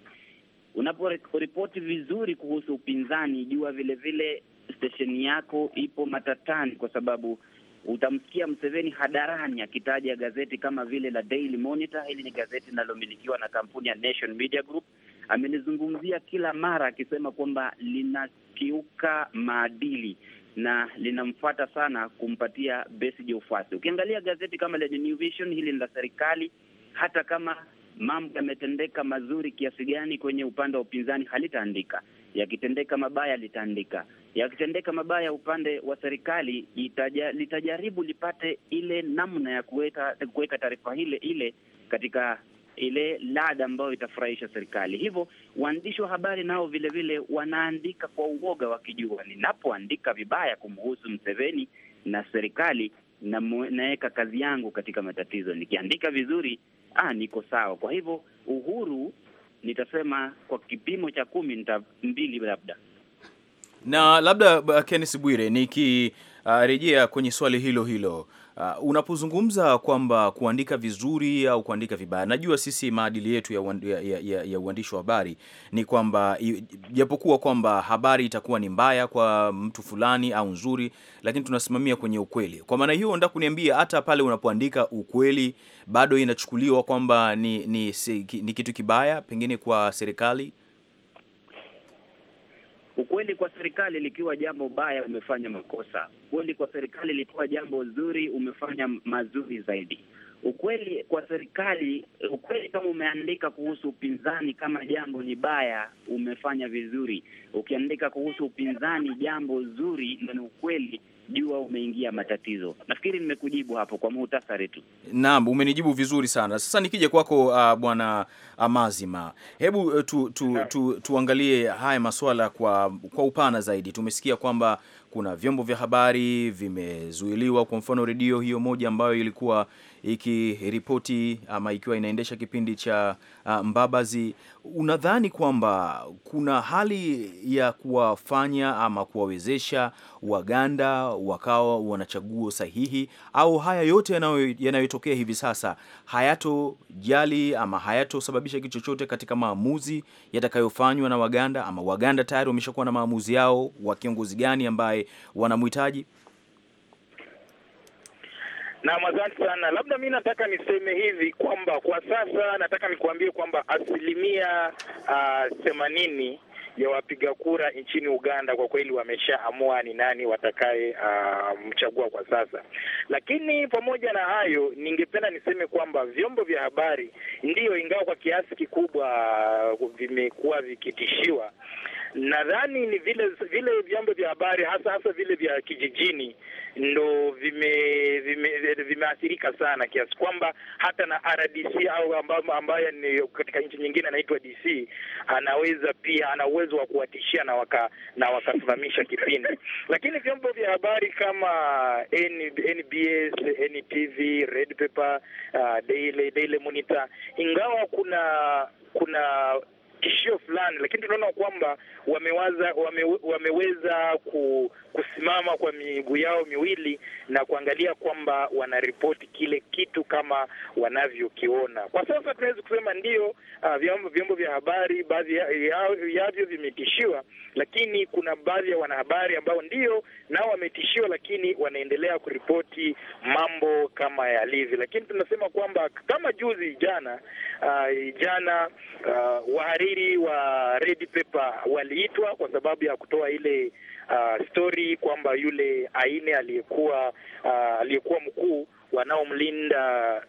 Unaporipoti vizuri kuhusu upinzani, jua vile vile stesheni yako ipo matatani, kwa sababu utamsikia Mseveni hadharani akitaja gazeti kama vile la Daily Monitor. Hili ni gazeti linalomilikiwa na kampuni ya Nation Media Group. Amelizungumzia kila mara akisema kwamba linakiuka maadili na linamfuata sana kumpatia Besigye ufasi. Ukiangalia gazeti kama lenye New Vision, hili ni la serikali, hata kama mambo yametendeka mazuri kiasi gani kwenye upande wa upinzani halitaandika, yakitendeka mabaya litaandika, yakitendeka mabaya upande wa serikali itaja, litajaribu lipate ile namna ya kuweka taarifa ile ile katika ile lada ambayo itafurahisha serikali. Hivyo waandishi wa habari nao vilevile wanaandika kwa uoga, wakijua ninapoandika vibaya kumhusu Mseveni na serikali, naweka kazi yangu katika matatizo. Nikiandika vizuri, ah, niko sawa. Kwa hivyo Uhuru nitasema kwa kipimo cha kumi nita mbili labda na labda. Uh, Kenneth Bwire, nikirejea uh, kwenye swali hilo hilo Uh, unapozungumza kwamba kuandika vizuri au kuandika vibaya, najua sisi maadili yetu ya, uand, ya, ya, ya uandishi wa habari ni kwamba japokuwa kwamba habari itakuwa ni mbaya kwa mtu fulani au nzuri, lakini tunasimamia kwenye ukweli. Kwa maana hiyo, nataka kuniambia hata pale unapoandika ukweli bado inachukuliwa kwamba ni, ni, ni, ni kitu kibaya pengine kwa serikali Ukweli kwa serikali likiwa jambo baya, umefanya makosa. Ukweli kwa serikali likiwa jambo zuri, umefanya mazuri zaidi. Ukweli kwa serikali, ukweli kama umeandika kuhusu upinzani kama jambo ni baya, umefanya vizuri. Ukiandika kuhusu upinzani jambo zuri na ni ukweli jua umeingia matatizo. Nafikiri nimekujibu hapo kwa muhtasari tu. Naam, umenijibu vizuri sana. Sasa nikija kwako, uh, bwana Amazima, hebu uh, tu, tu, tu, tu, tuangalie haya masuala kwa, kwa upana zaidi. Tumesikia kwamba kuna vyombo vya habari vimezuiliwa. Kwa mfano, redio hiyo moja ambayo ilikuwa ikiripoti ama ikiwa inaendesha kipindi cha uh, Mbabazi. Unadhani kwamba kuna hali ya kuwafanya ama kuwawezesha Waganda wakawa wanachaguo sahihi, au haya yote yanayotokea hivi sasa hayatojali ama hayatosababisha kitu chochote katika maamuzi yatakayofanywa na Waganda, ama Waganda tayari wameshakuwa na maamuzi yao wa kiongozi gani ambaye ambaye wanamhitaji? Naam, asante sana. Labda mi nataka niseme hivi kwamba kwa sasa nataka nikuambie kwamba asilimia ah, themanini uh, ya wapiga kura nchini Uganda kwa kweli wameshaamua ni nani watakaye uh, mchagua kwa sasa. Lakini pamoja na hayo, ningependa niseme kwamba vyombo vya habari ndiyo, ingawa kwa kiasi kikubwa uh, vimekuwa vikitishiwa Nadhani ni vile vile vyombo vya habari hasa hasa vile vya kijijini ndo vimeathirika vime, vime sana kiasi kwamba hata na RDC au ambayo amba ni katika nchi nyingine anaitwa DC anaweza pia ana uwezo wa kuwatishia na waka, na wakasimamisha kipindi, lakini vyombo vya habari kama N, NBS, NTV, Red Pepper, uh, Daily, Daily Monitor ingawa kuna kuna tishio fulani, lakini tunaona kwamba wamewaza wame, wameweza ku, kusimama kwa miguu yao miwili na kuangalia kwamba wanaripoti kile kitu kama wanavyokiona. Kwa sasa tunaweza kusema ndio uh, vyombo vyombo vya habari baadhi yavyo ya, ya vimetishiwa, lakini kuna baadhi ya wanahabari ambao ndio nao wametishiwa, lakini wanaendelea kuripoti mambo kama yalivyo. Lakini tunasema kwamba kama juzi jana, uh, jana uh, wahari mshairi wa Red Pepper waliitwa kwa sababu ya kutoa ile uh, story kwamba yule Aine aliyekuwa uh, aliyekuwa mkuu wanaomlinda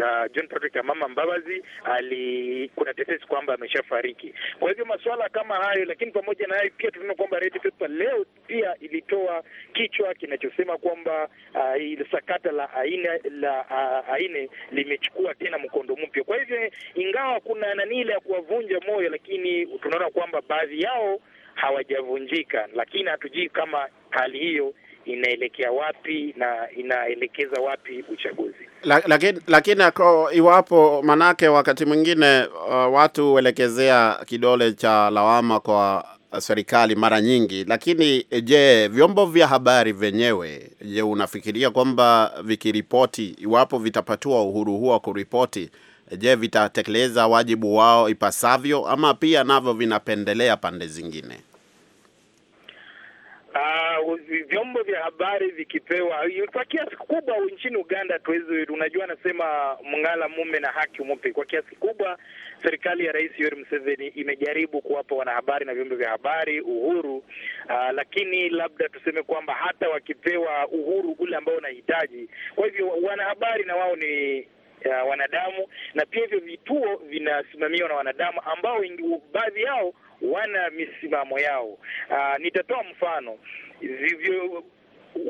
uh, John Patrick Amama Mbabazi ali kuna tetesi kwamba ameshafariki. Kwa hivyo masuala kama hayo, lakini pamoja na hayo pia tunaona kwamba Red Pepper leo pia ilitoa kichwa kinachosema kwamba uh, sakata la aina la uh, ah, aine limechukua tena mkondo mpya. Kwa hivyo ingawa kuna nani ile ya kuwavunja moyo, lakini tunaona kwamba baadhi yao hawajavunjika, lakini hatujui kama hali hiyo inaelekea wapi na inaelekeza wapi uchaguzi. Lakini lakini iwapo, manake wakati mwingine uh, watu huelekezea kidole cha lawama kwa serikali mara nyingi. Lakini je, vyombo vya habari vyenyewe, je, unafikiria kwamba vikiripoti, iwapo vitapatiwa uhuru huo wa kuripoti, je, vitatekeleza wajibu wao ipasavyo, ama pia navyo vinapendelea pande zingine? Uh, vyombo vya habari vikipewa kwa kiasi kikubwa nchini Uganda tuwezi, unajua anasema mng'ala mume na haki mupe. Kwa kiasi kikubwa serikali ya Rais Yoweri Museveni imejaribu kuwapa wanahabari na vyombo vya habari uhuru uh, lakini labda tuseme kwamba hata wakipewa uhuru ule ambao unahitaji, kwa hivyo wanahabari na wao ni ya uh, wanadamu na pia hivyo vituo vinasimamiwa na wanadamu ambao baadhi yao wana misimamo yao. Uh, nitatoa mfano zivyo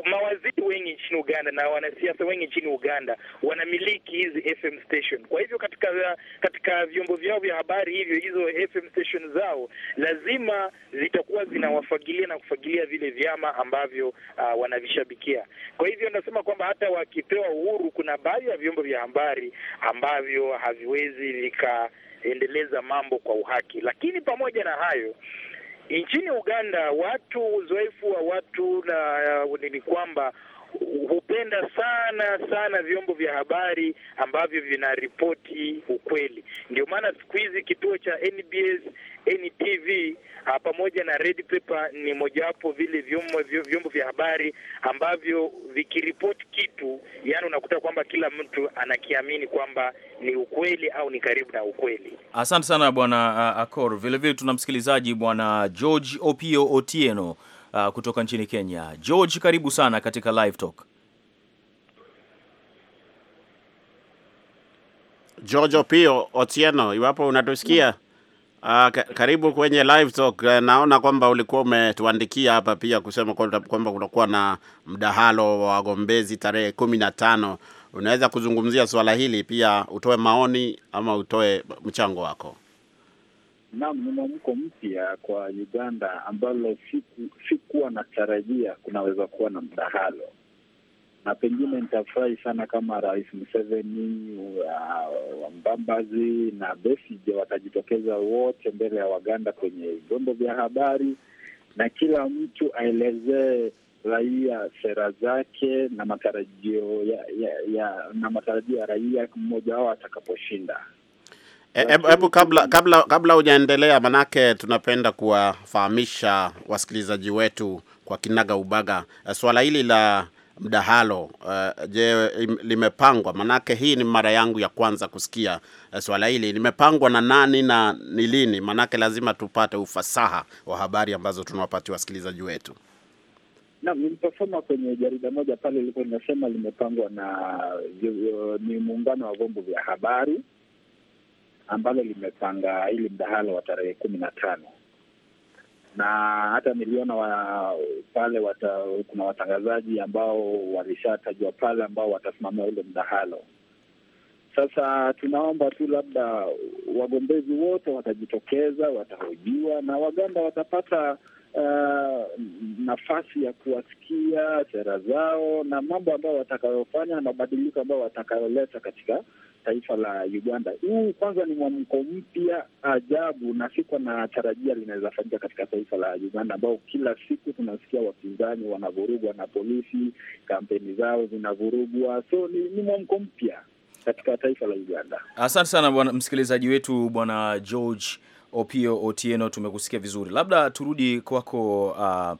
mawaziri wengi nchini Uganda na wanasiasa wengi nchini Uganda wanamiliki hizi FM station. Kwa hivyo katika katika vyombo vyao vya habari hivyo, hizo FM station zao lazima zitakuwa zinawafagilia na kufagilia vile vyama ambavyo uh, wanavishabikia. Kwa hivyo nasema kwamba hata wakipewa uhuru, kuna baadhi ya vyombo vya habari ambavyo haviwezi vika kuendeleza mambo kwa uhaki. Lakini pamoja na hayo, nchini Uganda watu, uzoefu wa watu na uh, ni kwamba hupenda sana sana vyombo vya habari ambavyo vinaripoti ukweli. Ndio maana siku hizi kituo cha NBS, NTV ah, pamoja na Red Pepper ni mojawapo vile vyombo, vyombo vya habari ambavyo vikiripoti kitu, yani unakuta kwamba kila mtu anakiamini kwamba ni ukweli au ni karibu na ukweli. Asante sana bwana ah, Akor. Vilevile tuna msikilizaji bwana George Opio Otieno uh, kutoka nchini Kenya. George, karibu sana katika live talk. George Opio Otieno, iwapo unatusikia Uh, karibu kwenye live talk. Eh, naona kwamba ulikuwa umetuandikia hapa pia kusema kwamba kutakuwa na mdahalo wa wagombezi tarehe kumi na tano. Unaweza kuzungumzia swala hili pia, utoe maoni ama utoe mchango wako. Naam, ni mwamko mpya kwa Uganda ambalo sikuwa tarajia kunaweza kuwa na mdahalo, na pengine nitafurahi sana kama Rais Museveni, Wambambazi na Besigye watajitokeza wote mbele ya Waganda kwenye vyombo vya habari na kila mtu aelezee raia sera zake na matarajio ya, ya, ya na matarajio ya raia mmoja wao atakaposhinda. Eh, hebu e, kabla kabla kabla hujaendelea, manake tunapenda kuwafahamisha wasikilizaji wetu kwa kinaga ubaga eh, swala hili la mdahalo uh, je, limepangwa? Manake hii ni mara yangu ya kwanza kusikia swala hili limepangwa na nani na ni lini? Manake lazima tupate ufasaha wa habari ambazo tunawapatia wasikilizaji wetu. Naam, niliposoma kwenye jarida moja pale lilikuwa linasema limepangwa na ni muungano wa vyombo vya habari ambalo limepanga ili mdahalo wa tarehe kumi na tano na hata niliona wa, pale wata, kuna watangazaji ambao walishatajwa pale ambao watasimamia ule mdahalo. Sasa tunaomba tu labda wagombezi wote watajitokeza, watahojiwa na Waganda watapata uh, nafasi ya kuwasikia sera zao na mambo ambayo watakayofanya na mabadiliko ambayo watakayoleta katika taifa la Uganda. Huu kwanza ni mwamko mpya ajabu, na siko na tarajia linaweza fanyika katika taifa la Uganda, ambao kila siku tunasikia wapinzani wanavurugwa na polisi, kampeni zao zinavurugwa. So ni, ni mwamko mpya katika taifa la Uganda. Asante sana bwana msikilizaji wetu bwana George Opio Otieno, tumekusikia vizuri. Labda turudi kwako uh,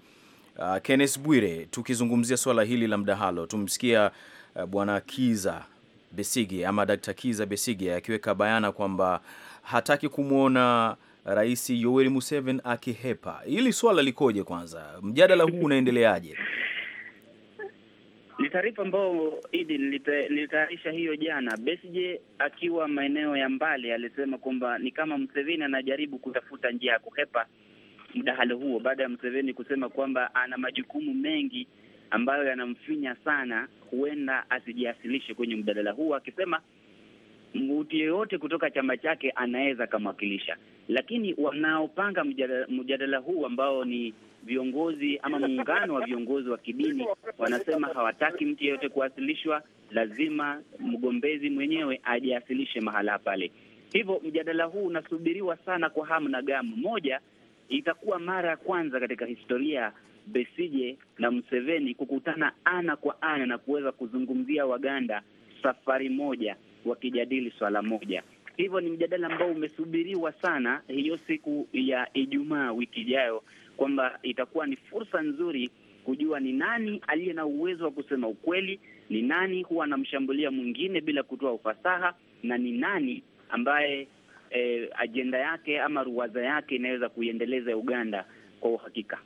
uh, Kenneth Bwire, tukizungumzia swala hili la mdahalo. Tumsikia uh, bwana Kiza Besige ama Dr. Kiza Besige akiweka bayana kwamba hataki kumwona Rais Yoweri Museveni akihepa. Hili swala likoje? Kwanza, mjadala huu unaendeleaje? Ni taarifa ambayo Idi nilitayarisha hiyo jana. Besije akiwa maeneo ya mbali alisema kwamba ni kama Museveni anajaribu kutafuta njia ya kuhepa mdahalo huo baada ya Museveni kusema kwamba ana majukumu mengi ambayo yanamfinya sana, huenda asijiasilishe kwenye mjadala huu, akisema mtu yeyote kutoka chama chake anaweza akamwakilisha. Lakini wanaopanga mjadala, mjadala huu ambao ni viongozi ama muungano wa viongozi wa kidini wanasema hawataki mtu yeyote kuwasilishwa, lazima mgombezi mwenyewe ajiasilishe mahala pale. Hivyo mjadala huu unasubiriwa sana kwa hamu na gamu. Moja, itakuwa mara ya kwanza katika historia Besije na Museveni kukutana ana kwa ana na kuweza kuzungumzia Waganda safari moja, wakijadili swala moja. Hivyo ni mjadala ambao umesubiriwa sana, hiyo siku ya Ijumaa wiki ijayo, kwamba itakuwa ni fursa nzuri kujua ni nani aliye na uwezo wa kusema ukweli, ni nani huwa anamshambulia mwingine bila kutoa ufasaha, na ni nani ambaye eh, ajenda yake ama ruwaza yake inaweza kuiendeleza Uganda kwa uhakika.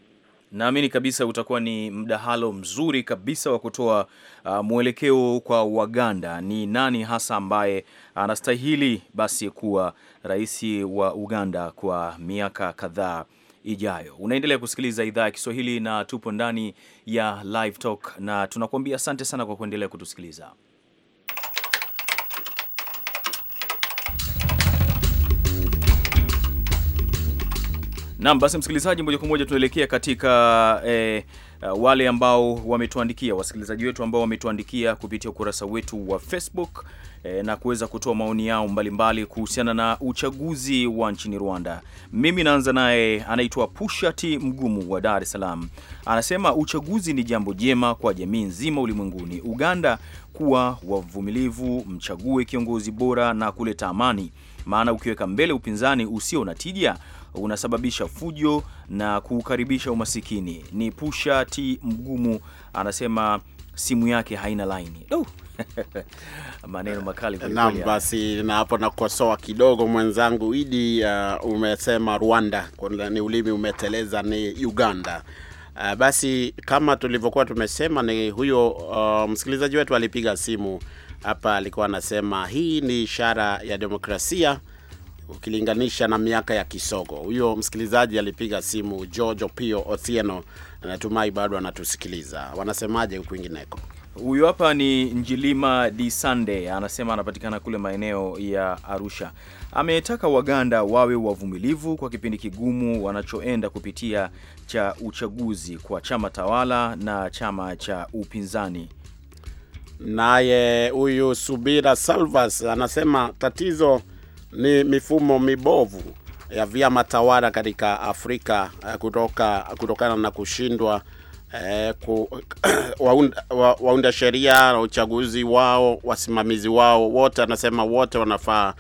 Naamini kabisa utakuwa ni mdahalo mzuri kabisa wa kutoa uh, mwelekeo kwa Waganda ni nani hasa ambaye anastahili basi kuwa rais wa Uganda kwa miaka kadhaa ijayo. Unaendelea kusikiliza idhaa ya Kiswahili na tupo ndani ya Live Talk na tunakuambia asante sana kwa kuendelea kutusikiliza. Naam, basi msikilizaji, moja kwa moja tunaelekea katika eh, uh, wale ambao wametuandikia, wasikilizaji wetu ambao wametuandikia kupitia ukurasa wetu wa Facebook eh, na kuweza kutoa maoni yao mbalimbali kuhusiana na uchaguzi wa nchini Rwanda. Mimi naanza naye, anaitwa Pushati Mgumu wa Dar es Salaam, anasema uchaguzi ni jambo jema kwa jamii nzima ulimwenguni. Uganda kuwa wavumilivu, mchague kiongozi bora na kuleta amani, maana ukiweka mbele upinzani usio na tija unasababisha fujo na kuukaribisha umasikini. Ni Pusha T Mgumu anasema simu yake haina laini. Oh, maneno makali nam. Basi na hapo nakosoa kidogo mwenzangu Idi. Uh, umesema Rwanda ni ulimi umeteleza, ni Uganda Uh, basi kama tulivyokuwa tumesema ni huyo uh, msikilizaji wetu alipiga simu hapa, alikuwa anasema hii ni ishara ya demokrasia ukilinganisha na miaka ya kisogo. Huyo msikilizaji alipiga simu George pio Othieno, anatumai bado anatusikiliza. Wanasemaje kwingineko? Huyu hapa ni Njilima Di Sande, anasema anapatikana kule maeneo ya Arusha ametaka Waganda wawe wavumilivu kwa kipindi kigumu wanachoenda kupitia cha uchaguzi kwa chama tawala na chama cha upinzani. Naye huyu Subira Salvas anasema tatizo ni mifumo mibovu ya vyama tawala katika Afrika eh, kutoka, kutokana na kushindwa eh, ku, waunda, wa, waunda sheria na uchaguzi wao, wasimamizi wao wote, anasema wote wanafaa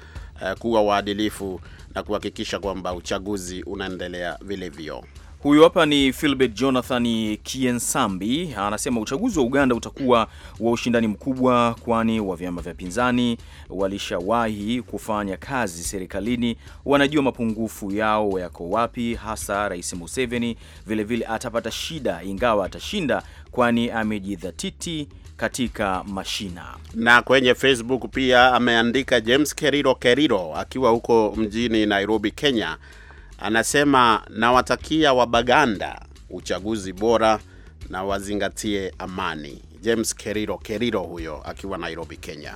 Eh, kuwa waadilifu na kuhakikisha kwamba uchaguzi unaendelea vilivyo. Huyu hapa ni Filbert Jonathan Kiensambi, anasema uchaguzi wa Uganda utakuwa wa ushindani mkubwa, kwani wa vyama vya pinzani walishawahi kufanya kazi serikalini, wanajua mapungufu yao yako wapi, hasa Rais Museveni vilevile atapata shida, ingawa atashinda, kwani amejidhatiti katika mashina. Na kwenye Facebook pia ameandika James Keriro Keriro akiwa huko mjini Nairobi, Kenya, anasema nawatakia Wabaganda uchaguzi bora na wazingatie amani. James Keriro Keriro huyo akiwa Nairobi, Kenya.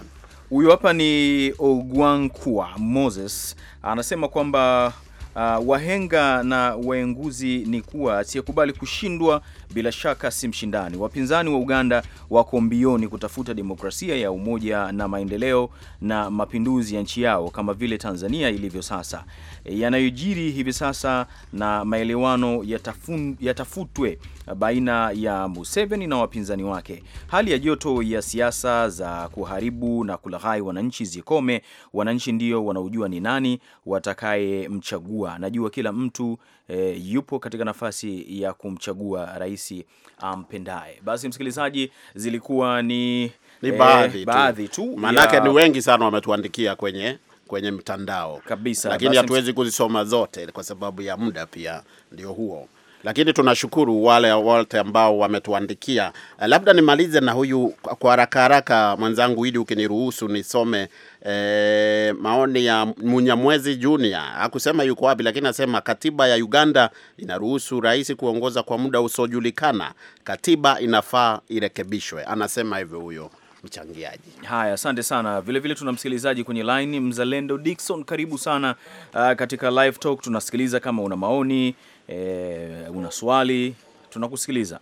Huyu hapa ni Ogwankua Moses anasema kwamba Uh, wahenga na waenguzi ni kuwa asiyekubali kushindwa bila shaka si mshindani. Wapinzani wa Uganda wako mbioni kutafuta demokrasia ya umoja na maendeleo na mapinduzi ya nchi yao kama vile Tanzania ilivyo sasa. Yanayojiri hivi sasa na maelewano yatafutwe yatafutwe baina ya Museveni na wapinzani wake. Hali ya joto ya siasa za kuharibu na kulaghai wananchi zikome. Wananchi ndio wanaojua ni nani watakayemchagua. Najua kila mtu e, yupo katika nafasi ya kumchagua rais ampendaye. Basi msikilizaji, zilikuwa ni ni baadhi eh, e, baadhi tu, tu maanake ya... ni wengi sana wametuandikia kwenye kwenye mtandao kabisa, lakini hatuwezi kuzisoma zote kwa sababu ya muda pia ndio huo lakini tunashukuru wale wote ambao wametuandikia. Eh, labda nimalize na huyu kwa haraka haraka, mwenzangu Idi, ukiniruhusu nisome e, maoni ya Munyamwezi Junior. Hakusema yuko wapi, lakini anasema katiba ya Uganda inaruhusu rais kuongoza kwa muda usiojulikana. Katiba inafaa irekebishwe, anasema hivyo huyo mchangiaji. Haya, asante sana. vilevile vile tuna msikilizaji kwenye line, Mzalendo Dikson, karibu sana uh, katika live talk. Tunasikiliza kama una maoni e, una swali, tunakusikiliza.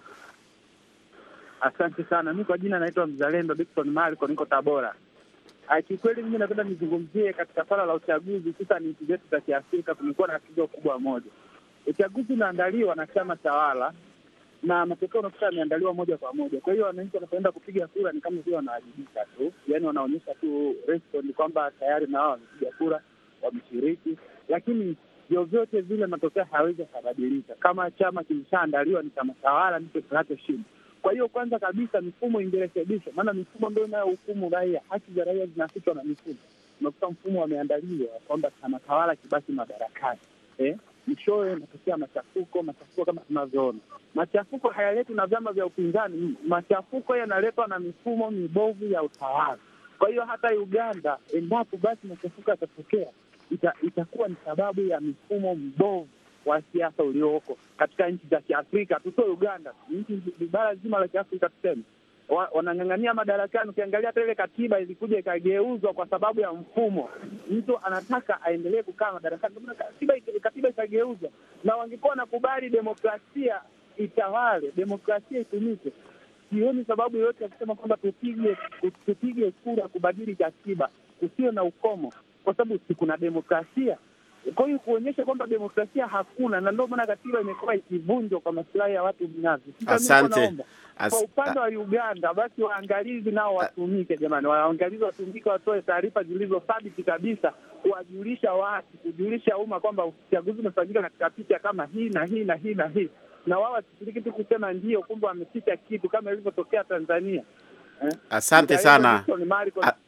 Asante sana. Mi kwa jina naitwa Mzalendo Dickson Marco, niko Tabora. Kiukweli mimi napenda nizungumzie katika swala la uchaguzi. Sasa ni nchi zetu za Kiafrika kumekuwa na tatizo kubwa moja, uchaguzi unaandaliwa na chama tawala na matokeo unakuta yameandaliwa moja kwa moja. Kwa hiyo wananchi wanapoenda kupiga kura ni kama vile wanawajibika tu, yani wanaonyesha tu respond kwamba tayari na wao wamepiga kura, wameshiriki, lakini vyovyote vile matokeo hayawezi kabadilika. Kama chama kilishaandaliwa ni chama tawala ndicho kinachoshinda. Kwa hiyo kwanza kabisa mifumo ingerekebishwa, maana mifumo ndio inayohukumu raia. Haki za raia zinafichwa na mifumo. Unakuta mfumo wameandaliwa kwamba chama tawala kibaki madarakani eh? Mwishowe inatokea machafuko. Machafuko kama tunavyoona, machafuko hayaletwi na vyama vya upinzani, machafuko yanaletwa na mifumo mibovu ya utawala. Kwa hiyo hata Uganda, endapo basi machafuko yatatokea ita, itakuwa ni sababu ya mifumo mbovu wa siasa ulioko katika nchi za Kiafrika, tutoe Uganda, nchi bara zima la Kiafrika tuseme wanang'ang'ania madarakani. Ukiangalia hata ile katiba ilikuja ikageuzwa kwa sababu ya mfumo, mtu anataka aendelee kukaa madarakani, katiba, katiba ikageuzwa. Na wangekuwa wanakubali demokrasia itawale, demokrasia itumike, sioni sababu yoyote ya kusema kwamba tupige tupige kura kubadili katiba, kusiwe na ukomo kwa sababu si kuna demokrasia. Kwa hiyo kuonyesha kwamba demokrasia hakuna, na ndio maana katiba imekuwa ikivunjwa kwa masilahi ya watu binafsi. Asante. As kwa upande wa Uganda basi waangalizi nao watumike, jamani, waangalizi watumike, watoe taarifa zilizo thabiti kabisa, kuwajulisha watu, kujulisha umma kwamba uchaguzi umefanyika katika picha kama hii na hii na hii na hii, na wao wasishiriki tu kusema ndio, kumbe wameficha kitu, kama ilivyotokea Tanzania eh? Asante sana,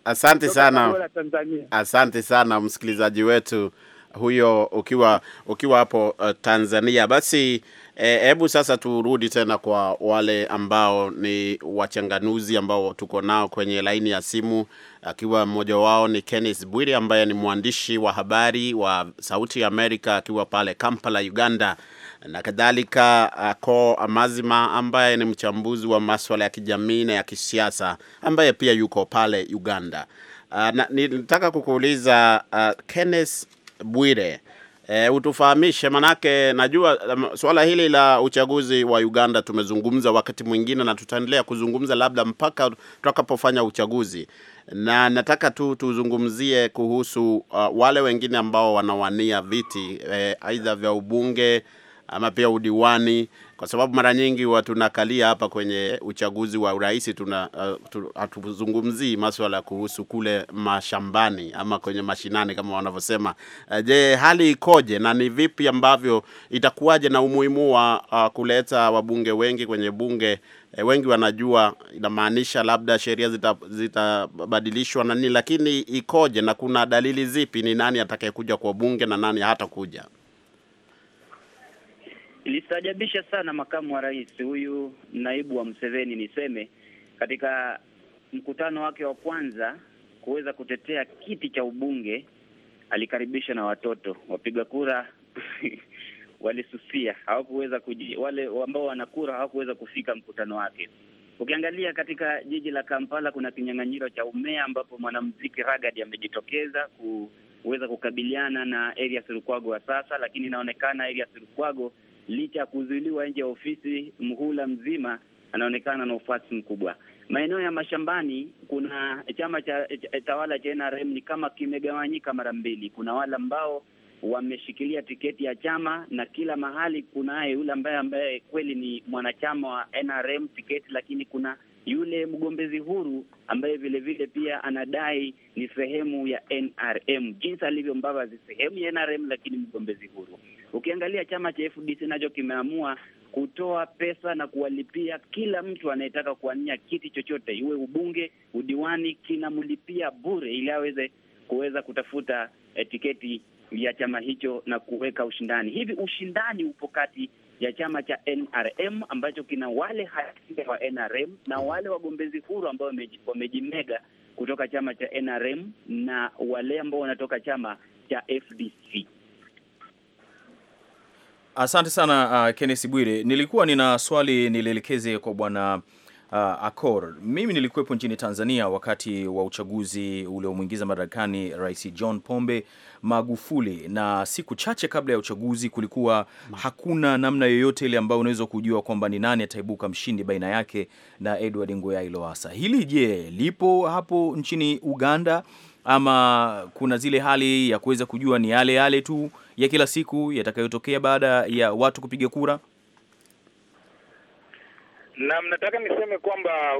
asante sana, asante sana msikilizaji wetu huyo ukiwa ukiwa hapo uh, Tanzania. Basi eh, hebu eh, sasa turudi tena kwa wale ambao ni wachanganuzi ambao tuko nao kwenye laini ya simu, akiwa mmoja wao ni Kenneth Bwiri ambaye ni mwandishi wa habari wa Sauti ya Amerika akiwa pale Kampala, Uganda na kadhalika uh, ko Amazima ambaye ni mchambuzi wa maswala ya kijamii na ya kisiasa ambaye pia yuko pale Uganda. Uh, na, nitaka kukuuliza uh, Kenneth Bwire E, utufahamishe manake, najua um, suala hili la uchaguzi wa Uganda tumezungumza wakati mwingine na tutaendelea kuzungumza labda mpaka tutakapofanya uchaguzi, na nataka tu tuzungumzie kuhusu uh, wale wengine ambao wanawania viti eh, aidha e, vya ubunge ama pia udiwani, kwa sababu mara nyingi tunakalia hapa kwenye uchaguzi wa urais tuna uh, hatuzungumzii uh, maswala kuhusu kule mashambani ama kwenye mashinani kama wanavyosema. Uh, je, hali ikoje na ni vipi ambavyo itakuwaje na umuhimu wa uh, kuleta wabunge wengi kwenye bunge? E, wengi wanajua inamaanisha labda sheria zitabadilishwa zita na nini, lakini ikoje na kuna dalili zipi? Ni nani atakayekuja kwa bunge na nani hatakuja? Ilistaajabisha sana makamu wa rais huyu naibu wa mseveni niseme katika mkutano wake wa kwanza kuweza kutetea kiti cha ubunge alikaribisha na watoto wapiga kura walisusia, hawakuweza kuji, wale ambao wana kura hawakuweza kufika mkutano wake. Ukiangalia katika jiji la Kampala kuna kinyang'anyiro cha umea ambapo mwanamuziki Ragadi amejitokeza kuweza kukabiliana na Erias Lukwago wa sasa, lakini inaonekana Erias Lukwago licha ya kuzuiliwa nje ya ofisi mhula mzima, anaonekana na ufuasi mkubwa. Maeneo ya mashambani, kuna chama cha tawala cha NRM ni kama kimegawanyika mara mbili. Kuna wale ambao wameshikilia tiketi ya chama na kila mahali kunaye yule ambaye ambaye kweli ni mwanachama wa NRM tiketi, lakini kuna yule mgombezi huru ambaye vilevile pia anadai ni sehemu ya NRM, jinsi alivyo Mbavazi sehemu ya NRM, lakini mgombezi huru. Ukiangalia chama cha FDC nacho kimeamua kutoa pesa na kuwalipia kila mtu anayetaka kuania kiti chochote, iwe ubunge, udiwani, kinamlipia bure ili aweze kuweza kutafuta eh, tiketi ya chama hicho na kuweka ushindani. Hivi ushindani upo kati ya chama cha NRM ambacho kina wale hati wa NRM na wale wagombezi huru ambao wamejimega kutoka chama cha NRM na wale ambao wanatoka chama cha FDC. Asante sana uh, Kenneth Bwire. Nilikuwa nina swali nilielekeze kwa bwana uh, Akor. Mimi nilikuwepo nchini Tanzania wakati wa uchaguzi uliomwingiza madarakani Rais John Pombe Magufuli, na siku chache kabla ya uchaguzi kulikuwa hakuna namna yoyote ile ambayo unaweza kujua kwamba ni nani ataibuka mshindi baina yake na Edward Ngoyai Lowassa. Hili je, lipo hapo nchini Uganda ama kuna zile hali ya kuweza kujua ni yale yale tu ya kila siku yatakayotokea baada ya watu kupiga kura? Naam, nataka niseme kwamba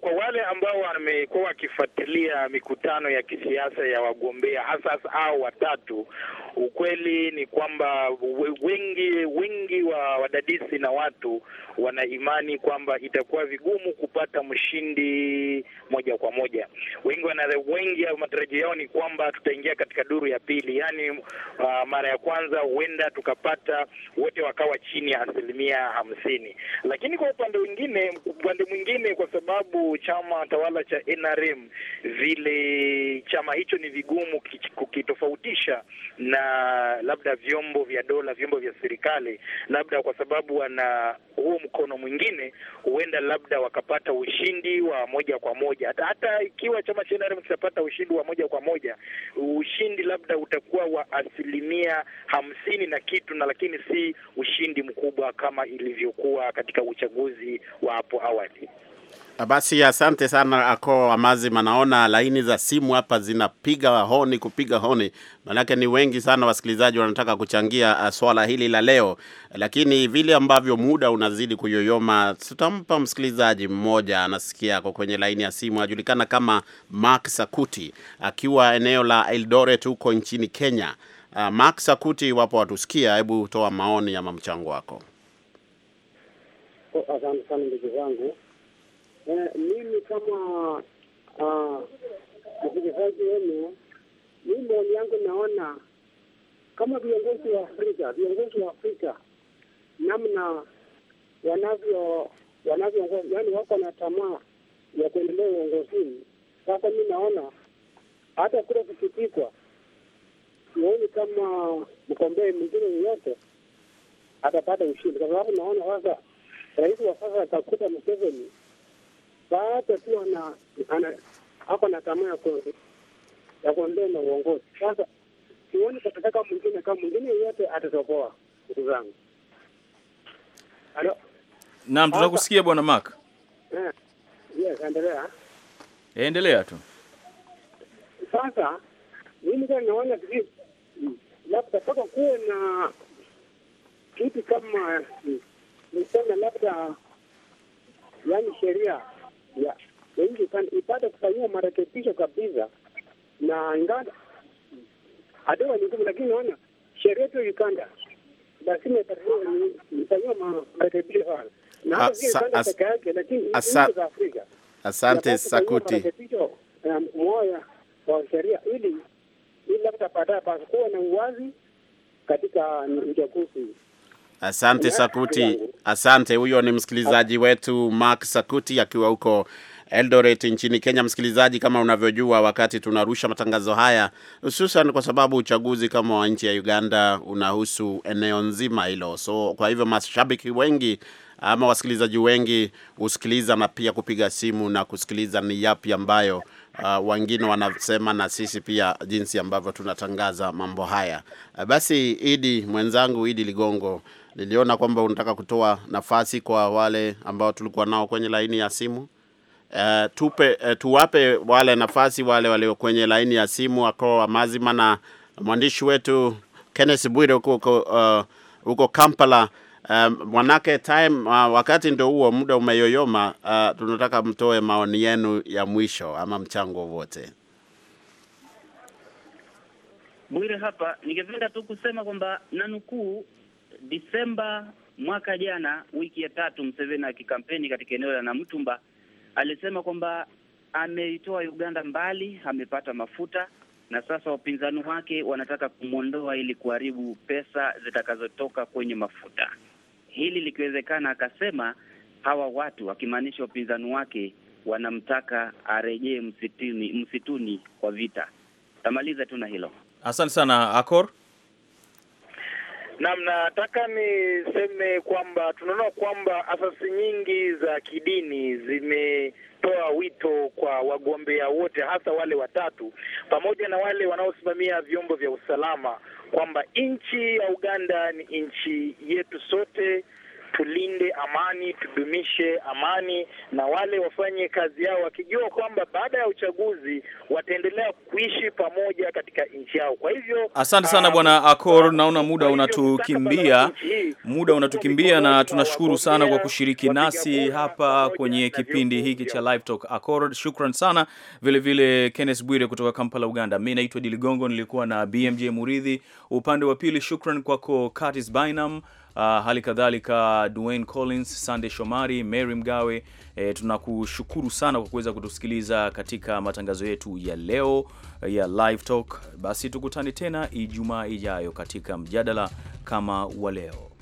kwa wale ambao wamekuwa wakifuatilia mikutano ya kisiasa ya wagombea hasa au watatu, ukweli ni kwamba wengi wengi wa wadadisi na watu wana imani kwamba itakuwa vigumu kupata mshindi moja kwa moja. Wengi wana wengi ya matarajio yao ni kwamba tutaingia katika duru ya pili, yaani uh, mara ya kwanza huenda tukapata wote wakawa chini ya asilimia hamsini, lakini kwa upande wengine, upande mwingine, kwa sababu chama tawala cha NRM vile chama hicho ni vigumu kukitofautisha na labda vyombo vya dola, vyombo vya serikali, labda kwa sababu wana huo mkono mwingine, huenda labda wakapata ushindi wa moja kwa moja. Hata, hata ikiwa chama cha NRM kitapata ushindi wa moja kwa moja, ushindi labda utakuwa wa asilimia hamsini na kitu na, lakini si ushindi mkubwa kama ilivyokuwa katika uchaguzi wa hapo awali. Ah, basi asante sana ako Amazima. Naona laini za simu hapa zinapiga honi kupiga honi, manake ni wengi sana wasikilizaji wanataka kuchangia ah, swala hili la leo, lakini vile ambavyo muda unazidi kuyoyoma, tutampa msikilizaji mmoja anasikia ako kwenye laini ya simu, anajulikana kama Mark Sakuti akiwa eneo la Eldoret huko nchini Kenya. Ah, Mark Sakuti, iwapo watusikia, hebu toa maoni ama mchango wako. Asante sana ndugu zangu. Eh, mimi kama ah, msikilizaji wenu, mii maoni yangu naona kama viongozi wa Afrika, viongozi wa Afrika namna wanavyo wanavyoongoza, yani wako na tamaa ya kuendelea uongozini. Sasa mi naona hata kura kukitikwa sioni kama mgombee mwingine yeyote atapata ushindi, kwa sababu naona sasa rais wa sasa atakuta Museveni bado tu ako na tamaa ya kuondoa na uongozi. Sasa sioni katataka mwingine kama mwingine yeyote atatoboa, ndugu zangu. Halo, naam, tunakusikia bwana Mark. Eh, yes, endelea, endelea tu. Sasa mimi kwa naona labda kama kuwe na kitu kama niseme labda, yani sheria ya nchi ipate kufanyiwa marekebisho kabisa, na ingawa adewa ni ngumu, lakini naona sheria tu ya Uganda lazima ifanyiwe marekebisho hayo, na peke Asante Sakuti. Moya wa sheria ili ili labda baadaye pakuwa na uwazi katika uchaguzi. Asante Sakuti, asante. Huyo ni msikilizaji wetu Mark Sakuti akiwa huko Eldoret nchini Kenya. Msikilizaji, kama unavyojua, wakati tunarusha matangazo haya, hususan kwa sababu uchaguzi kama wa nchi ya Uganda unahusu eneo nzima hilo, so kwa hivyo mashabiki wengi ama wasikilizaji wengi husikiliza na pia kupiga simu na kusikiliza ni yapi ambayo uh, wengine wanasema na sisi pia jinsi ambavyo tunatangaza mambo haya. Basi Idi mwenzangu, Idi Ligongo niliona kwamba unataka kutoa nafasi kwa wale ambao tulikuwa nao kwenye laini ya simu. Uh, tupe uh, tuwape wale nafasi wale walio kwenye laini ya simu ako mazima na mwandishi wetu Kenneth Bwire huko huko uh, Kampala. Mwanake um, time uh, wakati ndio huo, muda umeyoyoma. Uh, tunataka mtoe maoni yenu ya mwisho ama mchango wote Bwire hapa, ningependa tu kusema kwamba nanukuu Disemba mwaka jana, wiki ya tatu, Mseveni akikampeni katika eneo la Namtumba alisema kwamba ameitoa Uganda mbali, amepata mafuta na sasa wapinzani wake wanataka kumwondoa ili kuharibu pesa zitakazotoka kwenye mafuta. Hili likiwezekana, akasema hawa watu, akimaanisha wapinzani wake, wanamtaka arejee msituni, msituni kwa vita. Tamaliza tu na hilo. Asante sana Akor. Naam, nataka niseme kwamba tunaona kwamba asasi nyingi za kidini toa wito kwa wagombea wote, hasa wale watatu, pamoja na wale wanaosimamia vyombo vya usalama kwamba nchi ya Uganda ni nchi yetu sote tulinde amani, tudumishe amani, na wale wafanye kazi yao wakijua kwamba baada ya uchaguzi wataendelea kuishi pamoja katika nchi yao. Kwa hivyo, asante sana um, Bwana Akor, naona muda unatukimbia, muda unatukimbia, na tunashukuru sana kwa kushiriki nasi hapa kwenye kipindi hiki cha Live Talk. Akor, shukran sana vile vile, Kenneth Bwire kutoka Kampala, Uganda. Mimi naitwa Diligongo, nilikuwa na BMJ Muridhi upande wa pili. Shukran kwako Curtis Bynum uh, hali kadhalika Dwayne Collins, sandey Shomari, Mary Mgawe. E, tunakushukuru sana kwa kuweza kutusikiliza katika matangazo yetu ya leo eh, ya Live Talk. Basi tukutane tena Ijumaa ijayo katika mjadala kama wa leo.